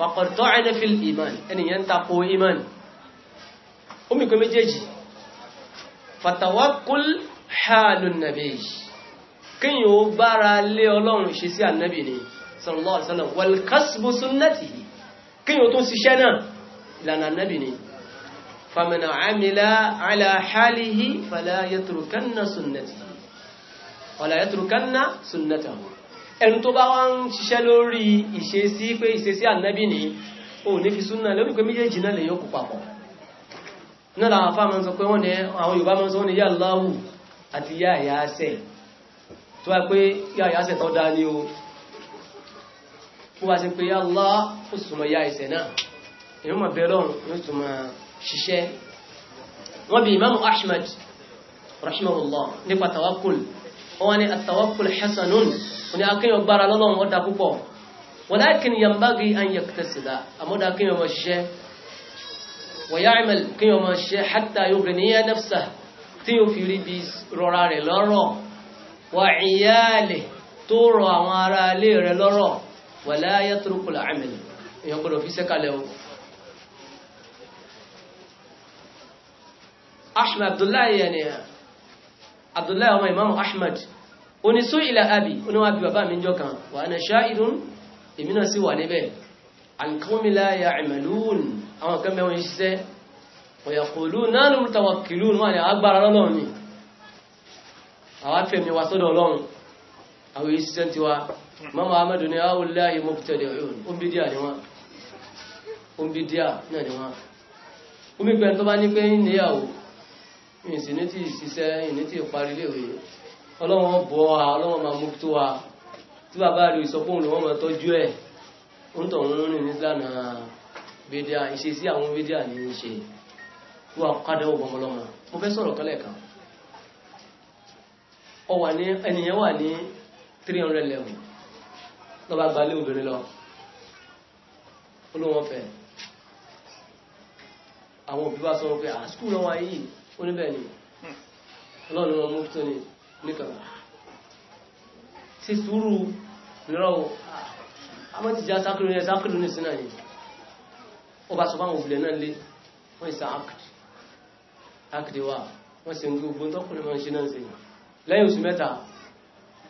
faqad ta'ana fil iman ẹniyàn tako iman omi kò méjèèjì fatawakkul halun nabi kíyàn ó bára lé ọlọ́run ṣe sí ànábì ni sallallahu alaihi wasallam wal kasbu sunnatihi kíyàn ó tún ṣiṣẹ́ náà ìlànà ẹnu tó bá wá ń ṣiṣẹ́ lórí ìṣesí pé ìṣesí ànábì ní o ní fi súnà lórí pé méjèèjì náà lè yóò kú papọ̀ náà làwọn afá máa ń sọ pé wọ́n ní àwọn Yorùbá máa ń sọ wọ́n ní yá láwù àti yá àyáṣẹ́ tó wá pé yá àyáṣẹ́ tó هوني التوكل حسن وني اكيم بار الله مو دا ولكن ينبغي ان يكتسب امو دا كيم وشي ويعمل كيم وشي حتى يغني نفسه تيو في ريبيز رورار لورو وعياله تورا مارا لير لورو ولا يترك العمل يقولوا في سكالو أحمد عبد الله يعني abdullahi ọmọ imam ahmed oníṣó ilẹ̀ abi oníwà bí bàbá mi jọ kan wà ní ṣáàìdún èmi náà sí wà níbẹ̀ alkaumila ya imalun àwọn kan mẹ́wọ́n ṣiṣẹ́ ọ̀yàkòlú náà ní mutawakilú wọn ni agbára lọ́lọ́run ni àwọn afẹ́mi wa sọ́dọ̀ ọlọ́run àwọn ìṣiṣẹ́ tiwa mama ahmed ní awullahi mọ́pútẹ̀lẹ̀ ọ̀yọ́n ó ń bí díà ni ìsìn ní tí ìṣiṣẹ́ ìní tí ìparí léwe ọlọ́wọ́n bọ́ wa ọlọ́wọ́n máa mú tó wa tí bàbá rí ìsọpọ̀ òun ni wọ́n máa tọ́jú ẹ̀ ń tọ̀ wọn rìn nílànà bídíà ìṣesí àwọn bídíà ní í ṣe wà kádà ó bọ́mọ lọ́mọ mo fẹ́ sọ̀rọ̀ kọ́lẹ̀ kan ọ wà ní ẹnìyẹn wà ní three hundred level lọ́ba gbalẹ̀ obìnrin lọ ó ló wọ́n fẹ́ àwọn òbí wa sọ pé àsìkò oníbẹ̀ ni hmm. ọlọ́run wọn mú tó ní nìkan ti sùúrù nírọ̀wọ̀ àmọ́ ti já sákìlú ní sákìlú ní sínà yìí ó bá sọ fáwọn òbílẹ̀ náà lé wọ́n ìsà ákìdì ákìdì wà wọ́n sì ń gbé ogun tọ́kùnrin máa ń ṣe náà sí lẹ́yìn oṣù mẹ́ta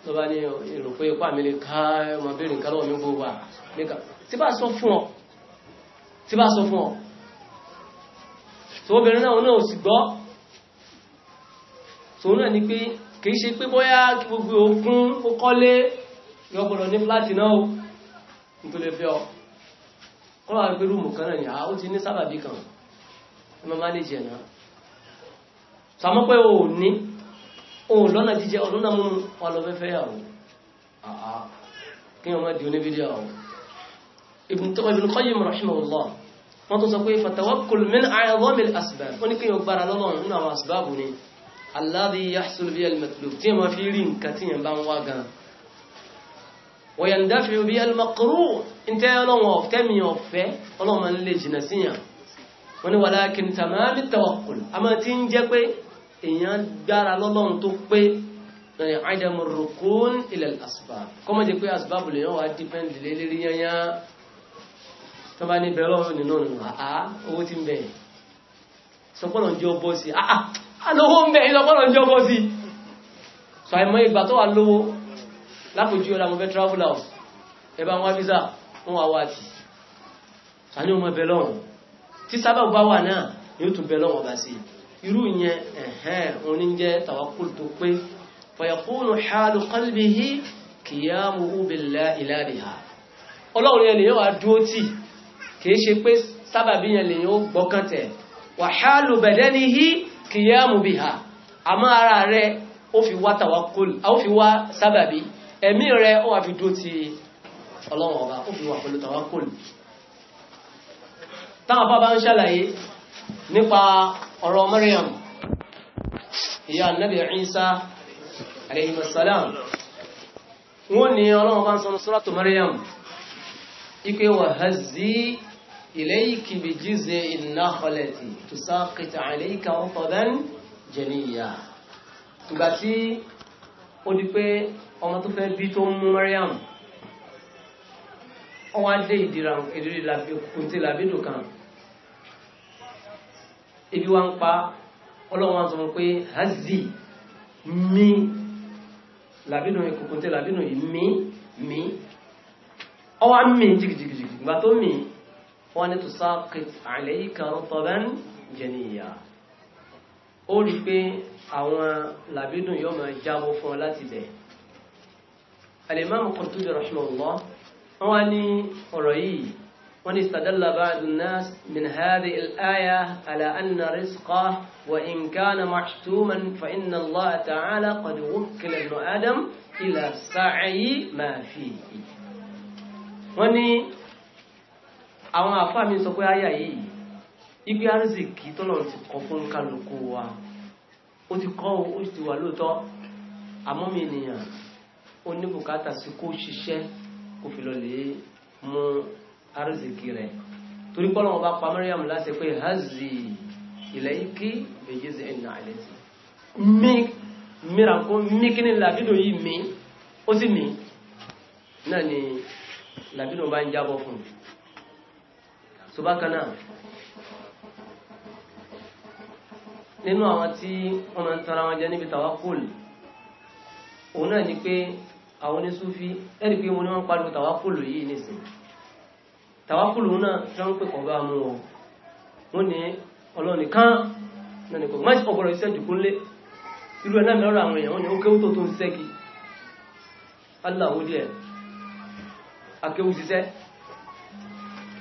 ló bá ní èrò pé ipá mi lè ká ọmọ abẹ́rẹ́ tí bá sọ fún ọ náà ò sì gbọ́ sòun náà ni pé kìí ṣe pé bóyá kí gbogbo okun ó kọ́lé yọ́gbọ̀dọ̀ ní fúláàtì náà ó nítorí fẹ́ ọ kọ́ wà pé rúùmù kan náà ni àwọn ti ní sábàbí kan ní ma máa lè jẹ ní o lọ́nà jíjẹ ọdún náà mú wa lọ fẹ́ fẹ́ yàwó ó ní kí aláàbí yásùlù bí al-matlub tí ma fi rí nǹkan tí yẹn bá ń wá gan wọ̀yàndá fi bí al-maqru in tẹ́ ọlọ́wọ̀n ọ̀fẹ́ mi ọ̀fẹ́ ọlọ́wọ̀n lè jìnà síyàn wọ́n ni walakin tamami tawakkul a máa ti ń jẹ́ pé èèyàn gbára lọ́lọ́run tó pé adamu rukun ila al-asbab kọ́mọ̀ ọbọ̀ sí àá alówó ń bẹ̀ ìlọpọ̀lọ̀ ń jọpọ̀ sí so àìmọ́ ìgbà tó wà lówó lápòjú ọlá mo fẹ́ travel house ẹbá wọn visa wọn wà wá tí sàní ọmọ ẹbẹ̀ lọ́run tí sábà bá wà náà yóò tún bẹ̀ lọ́run bá sí irú ìyẹn ẹ̀hẹ́n òní jẹ́ tàwákùl tó pé fayakúnù hàlù qalbihi qiyamuhu billahi ilariha ọlọ́run yẹn lèyàn wà dúó tì kìí ṣe pé sábàbí yẹn lèyàn ó gbọ́kàn tẹ̀ wà hàlù badanihi kìyàmù bí ha àmọ́ ara rẹ̀ ó fi wá a ó fi wá sábàbí ẹ̀mí rẹ̀ ó wà fi dó ti ọlọ́run ọba ó fi wà pẹ̀lú bá bá ń ṣàlàyé nípa ọ̀rọ̀ Isa salam wọ́n ni ọlọ́run bá ń ike إليك بجزء النخلة تساقط عليك رطبا جنيا ìgbà tí ó di pé ọmọ tó fẹ́ bí tó ń mú Mariam wọ́n wá dé ìdíra kùntì làbídò kan ibi wá ń pa ọlọ́wọ́n sọ pé hazi mi làbídò kùntì làbídò yìí mi mi ọwá mi jìgìjìgìjì ìgbà tó mi وأن تساقط عليك رطبا جنيا أولي أو لابد يوم جابوا فولات به الإمام القرطبي رحمه الله أولي رأي وأن استدل بعض الناس من هذه الآية على أن رزقه وإن كان محتوما فإن الله تعالى قد وكل ابن آدم إلى سعي ما فيه وأن àwọn àfáà mi sọ pé àyà yìí ibi arzikì tọ́lọ̀ ti kọ́ fún kálukú wa ó ti kọ́ ó ti wà lóòótọ́ àmọ́ mi ènìyàn ó ní bùkátà sí kó ṣiṣẹ́ kó fi lọ lè mú arzikì rẹ̀ torí pọ́lọ́ wọn bá pa Mariam láti pé hazi ilẹ̀ ike bèjìzì ẹ̀nà ilẹ̀ ti mí mìíràn kó mí kí ni làbínú yìí mí ó sì mí náà ni làbínú bá ń jábọ̀ fún mi so bákan náà nínú àwọn tí wọ́n máa ń tara wọn jẹ níbi tàwákùl òun náà ni pé àwọn onísúfí ẹni pé wọn ni wọ́n pariwo tàwákùl yìí nìsín tàwákùl náà tí wọ́n ń pè kọ̀ bá mú wọn wọ́n ní ọlọ́ọ̀nì kan náà ni kò má ṣe ọgbọ̀rọ̀ iṣẹ́ jù kúnlé irú ẹ̀ náà mẹ́rọ àwọn èèyàn wọn ni ó kéwú tó tó ń ṣẹ́gi aláwọ̀ díẹ̀ akéwú ṣiṣẹ́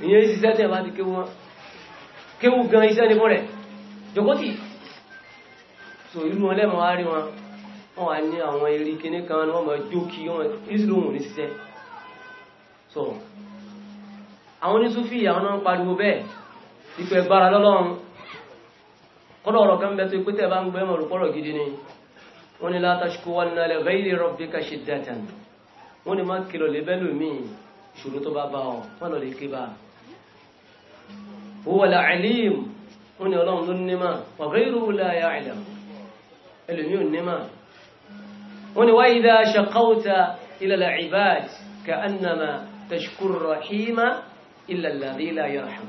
ìyẹn ìṣiṣẹ́ tẹ̀ bá ti kéwú wọn kéwú gan iṣẹ́ ní fún rẹ̀ jòkótì so irú wọn lẹ́mọ̀ wá rí wọn wọ́n wà ní àwọn eré kíní kan wọ́n mọ̀ jókì wọ́n ìsìlóhùn ní ṣiṣẹ́ so àwọn onísúfì àwọn náà ń pariwo bẹ́ẹ̀ ìpẹ́ bára lọ́lọ́run kọ́dọ̀ ọ̀rọ̀ kan bẹ́ẹ̀ tó pé tẹ́ bá ń gbẹ́mọ̀ rúpọ̀rọ̀ gidi ni wọ́n ni látàṣkó wà nílẹ̀ ghairi rabbika shiddatan wọ́n ni má kìlọ̀ lébẹ́lùmí ìṣòro tó bá bá ọ wọ́n lọ lè ké bá huwa al-alim ó ní ọlọ́run ló nímà wa ghayruhu la ya'lam ẹlòmí ò nímà ó ní wa idha shaqawta ila al-ibad ka'annama tashku ar-rahima illa alladhi la yarham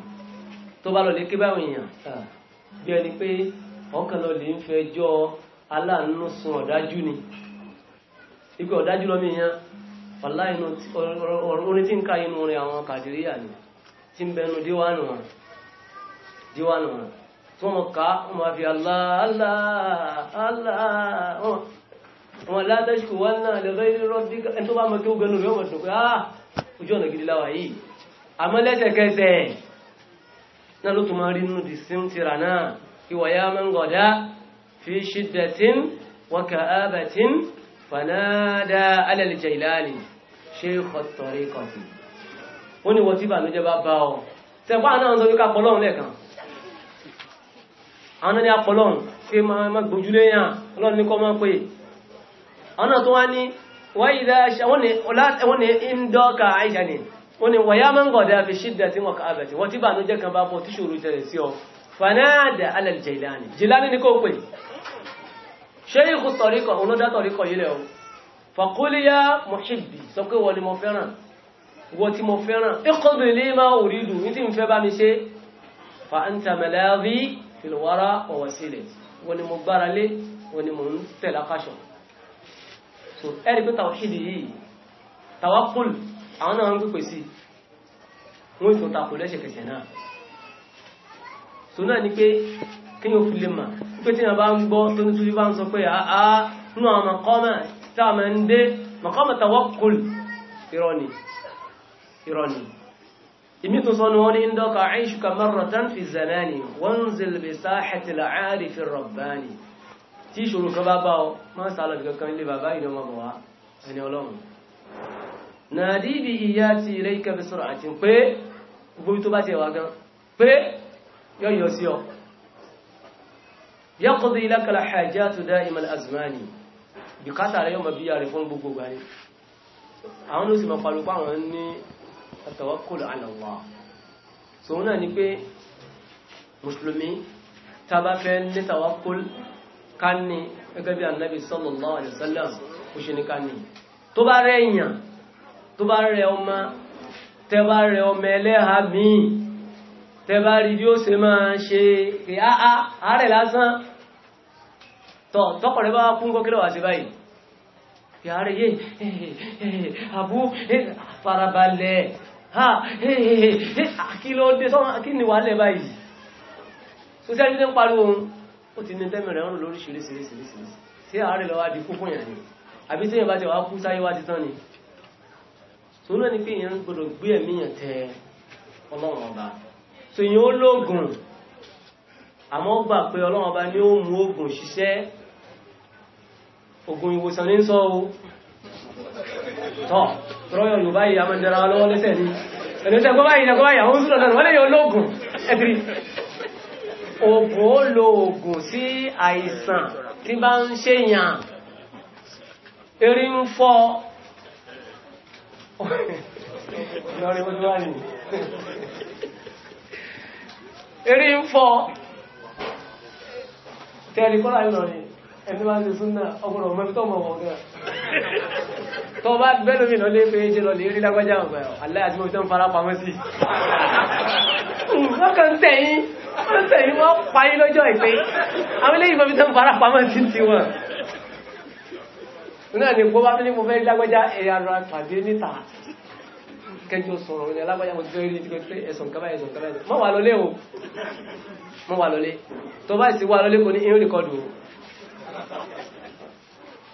tó bá lọ lè kí báwọn èèyàn bí ẹni pé ọkàn lọ lè ń fẹjọ́ aláàánú sun ọ̀dájú ni igbó ọ̀dájú lọ́mí ìyàn ọ̀lá orin tí ń ká inú orin àwọn kàdìríyà ni tí ń bẹnu díwánù díwánu wọn tí wọ́n ká wọ́n máa fi Allah Allah wọn látẹ́ṣùkú wọn náà lẹ́gbẹ́ rọ́bíkà ẹni tó bá mọ́ kí ó gbẹnu rẹ̀ wọ́n dùn pé ah ojú ọ̀nà gidi láwà yìí àmọ́ lẹ́sẹ̀kẹsẹ̀ náà ló tún máa rí nínú dìsín tìrà náà ìwà àwọn náà ní apọ̀lọ́n pé máa gbójúlé yàn ọlọ́run ní kọ́ máa pè àwọn náà tó wá ní wáyìí dáṣà wọ́n ní ìndọ́ka àìṣà ni wọ́n ní wọ̀yá máa ń gọ̀dá fi ṣídà tí wọ́n kààbẹ̀ tí wọ́n tí bà ní jẹ́ kan bá fọ́ tí ṣòro jẹ́rẹ̀ sí ọ ni mo fẹ́ràn wọ́n tí mo fẹ́ràn ìkọ́dù ilé máa òrìdù ní tí ń fẹ́ bá mi ṣe fa ń tàmẹ̀lẹ́ rí fìlúwárá ọ̀wọ̀sílẹ̀ wọn ni mo gbára lé wọn ni mo ń tẹ̀lá káṣọ so ẹ̀rí pé tàwọ̀ṣídì yìí tàwákùl àwọn náà ń pípè sí wọ́n ìtò takò lẹ́ṣẹ̀kẹsẹ̀ náà so náà ni pé kí yóò fi lè mà pípé tí wọ́n bá ń gbọ́ ìmítún sọ ni wọ́n ní ndọ́ka aishuka marratan fi zamani wọ́n zilbi sáhẹ̀tìlá àrífin rabbani tí ìṣòro kan bá bá ọ má sálọ bí kankan lè bàbá ìdán ọmọ wa ẹni ọlọ́run náà dìbì ìyá ti rẹ̀ ìkẹfẹ́ sọ̀rọ̀ àti pé gbogbo tó bá ti wà gan pé yọ́yọ́ sí ọ yaqdi laka al-hajatu da'ima al-azmani bùkátà rẹ̀ yọ́ mọ̀ bí yà rẹ̀ fún gbogbo gbà ní àwọn ló tawakkul ala Allah so náà ni pé mùsùlùmí tàbá fẹ́ ní tawakkul ká ní gẹ́gẹ́ bí annabi sallallahu alaihi wasallam ó ṣe ní ká ní tó bá rẹ èèyàn tó bá rẹ ọmọ tẹ bá rẹ ọmọ ẹlẹ́ha míì tẹ bá rí bí ó ṣe máa ṣe pé áá ah, ah, àárẹ̀ lásán tọ̀ tọ́kọ̀ bá kú ń kọ́kílọ̀ sí báyìí pé àárẹ̀ eh, eh, eh, àbú farabalẹ̀ ha kí ló dé sọ́nà kí ni wà lẹ́ báyìí tó sẹ́jú tẹ́ ń pariwo ohun ó ti ní tẹ́mẹ̀rẹ̀ ọ̀rùn lórí ṣìírísìírísìírísì sí ààrẹ lọ wá di kú fún ìyàní àbí tí ìyànbá ti wá kú sáyé wá ti tán ni tó náà ni pé ìyàn gbọdọ̀ gbé ẹ̀mí yàn tẹ ọlọ́run ọba tó yàn ó lóògùn àmọ́ gbà pé ọlọ́run ọba ni ó mú oògùn ṣiṣẹ́ oògùn ìwòsàn ní sọ́ o tọ́ rọ́yọ̀ yorùbá a máa dára lọ́wọ́ lẹ́sẹ̀ ní ẹ̀lẹ́sẹ̀ gbọ́ báyìí lẹ́gbọ́ báyìí àwọn oúnjẹ lọ́nà wọ́n lè yọ lóògùn ẹ̀tìrí oògùn ó lo oògùn sí àìsàn tí bá ń ṣe yàn erí ń fọ́ erí ń fọ́ tẹ́ẹ̀lì kọ́lá ìlọrin ẹni bá ń tó bá bẹ́lómi lọ lé pé jẹ́ lọ lè rí lágbàjá ọ̀gbẹ̀ aláyà tí mo tẹ́ ń fara pamọ́ sí wọ́n kàn tẹ̀yìn wọ́n tẹ̀yìn wọ́n parí lọ́jọ́ ìpé àwọn ilé ìfẹ́ tẹ́ ń fara pamọ́ sí ti wọn náà ni gbọ́ bá tó ní mo fẹ́ rí lágbàjá ẹ̀yàrá pàdé níta kẹjọ sọ̀rọ̀ ní alágbàjá mo ti fẹ́ rí ti pé ẹ̀sùn kaba ẹ̀sùn kaba mọ́ wà lọlé o mọ́ wà lọlé tó bá ìsìn wà lọlé kò ní irun nìkan dùn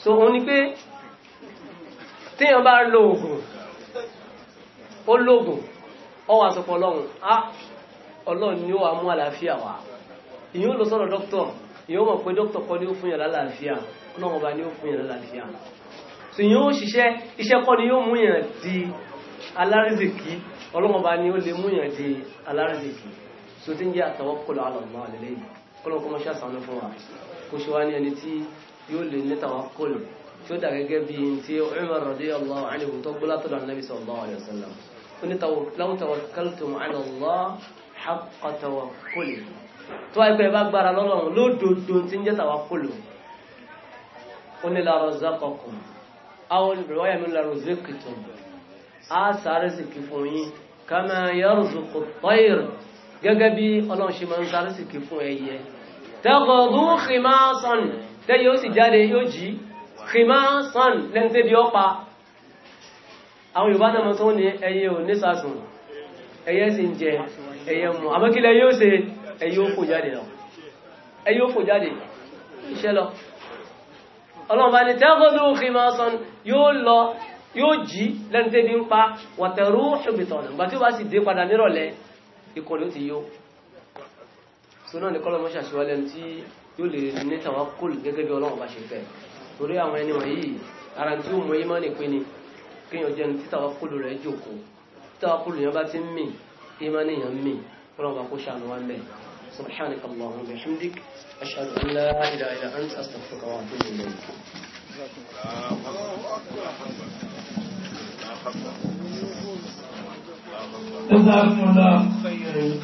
so òun ni pé tíyàn bá lo oògùn ó lóògùn ọ wà sọpọ̀ ọlọ́run á ọlọ́run ni ó wà mú àlàáfíà wá ìyẹn ó lọ sọ́dọ̀ dókítọ̀ ìyẹn ó mọ̀ pé dókítọ̀ kọ́ ni ó fún yàn lálàáfíà ọlọ́run ọba ni ó fún yàn lálàáfíà yóò di alárìsìkì ọlọ́run ọba ni ó lè di alárìsìkì so tí ń jẹ́ àtàwọ́kọ̀lọ́ àlọ́mọ́ àlẹ́lẹ́yìn kọ́lọ́kọ́ mọ́ṣáṣà ló fún wa ní ẹni tí tí ó dà gẹ́gẹ́ bí i tí Umar radiyallahu anhu tó gbọ́lá tó dàn Nabi sallallahu alayhi wa sallam ó ní law tawakkaltum ala Allah haqqa tawakkuli tó wáyé pé ẹ bá gbára lọ́lọ́run lódodo tí ń jẹ́ tawakkulu ó ní la razaqakum aw riwaya min la ruziqtum á sáré sì kí fún yín kama yarzuqu at-tayr gẹ́gẹ́ bí ọlọ́run ṣe máa ń sáré sì kí fún ẹyẹ tẹ́gọ̀ọ́dún khimasan tẹ́yẹ ó kìmáṣán lẹ́ntẹ́ bí ọpa àwọn Yorùbá náà tó ní ẹyẹ ò nísàsùn ẹyẹ sì ń jẹ ẹyẹ mọ̀ àmọ́kílẹ̀ yóò ṣe ẹyẹ ó fò jáde lọ ẹyẹ ó fò jáde iṣẹ́ lọ ọlọ́mọba ni tẹ́gọ́dù kìmáṣán yóò lọ yóò jí lẹ́ntẹ́ bí ń pa wàtẹ̀rú ṣùgbìtọ̀nà gbà ni kọ́lọ́mọ́ṣà ṣíwálẹ́nu tí yóò gẹ́gẹ́ bí Ọlọ́run bá ṣe fẹ́ torí àwọn ẹni wọ̀nyí ara tí ó mọ ìmọ̀ ní pé ni kéèyàn jẹ́ ní títà ọkùnrin rẹ̀ jòkó títà ọkùnrin yẹn bá ti ń mì ìmọ̀ níyàn mì kúrò wọn kó ṣàánú wa mẹ́ سبحانك اللهم وبحمدك أشهد أن لا إله إلا أنت أستغفرك وأتوب إليك جزاكم الله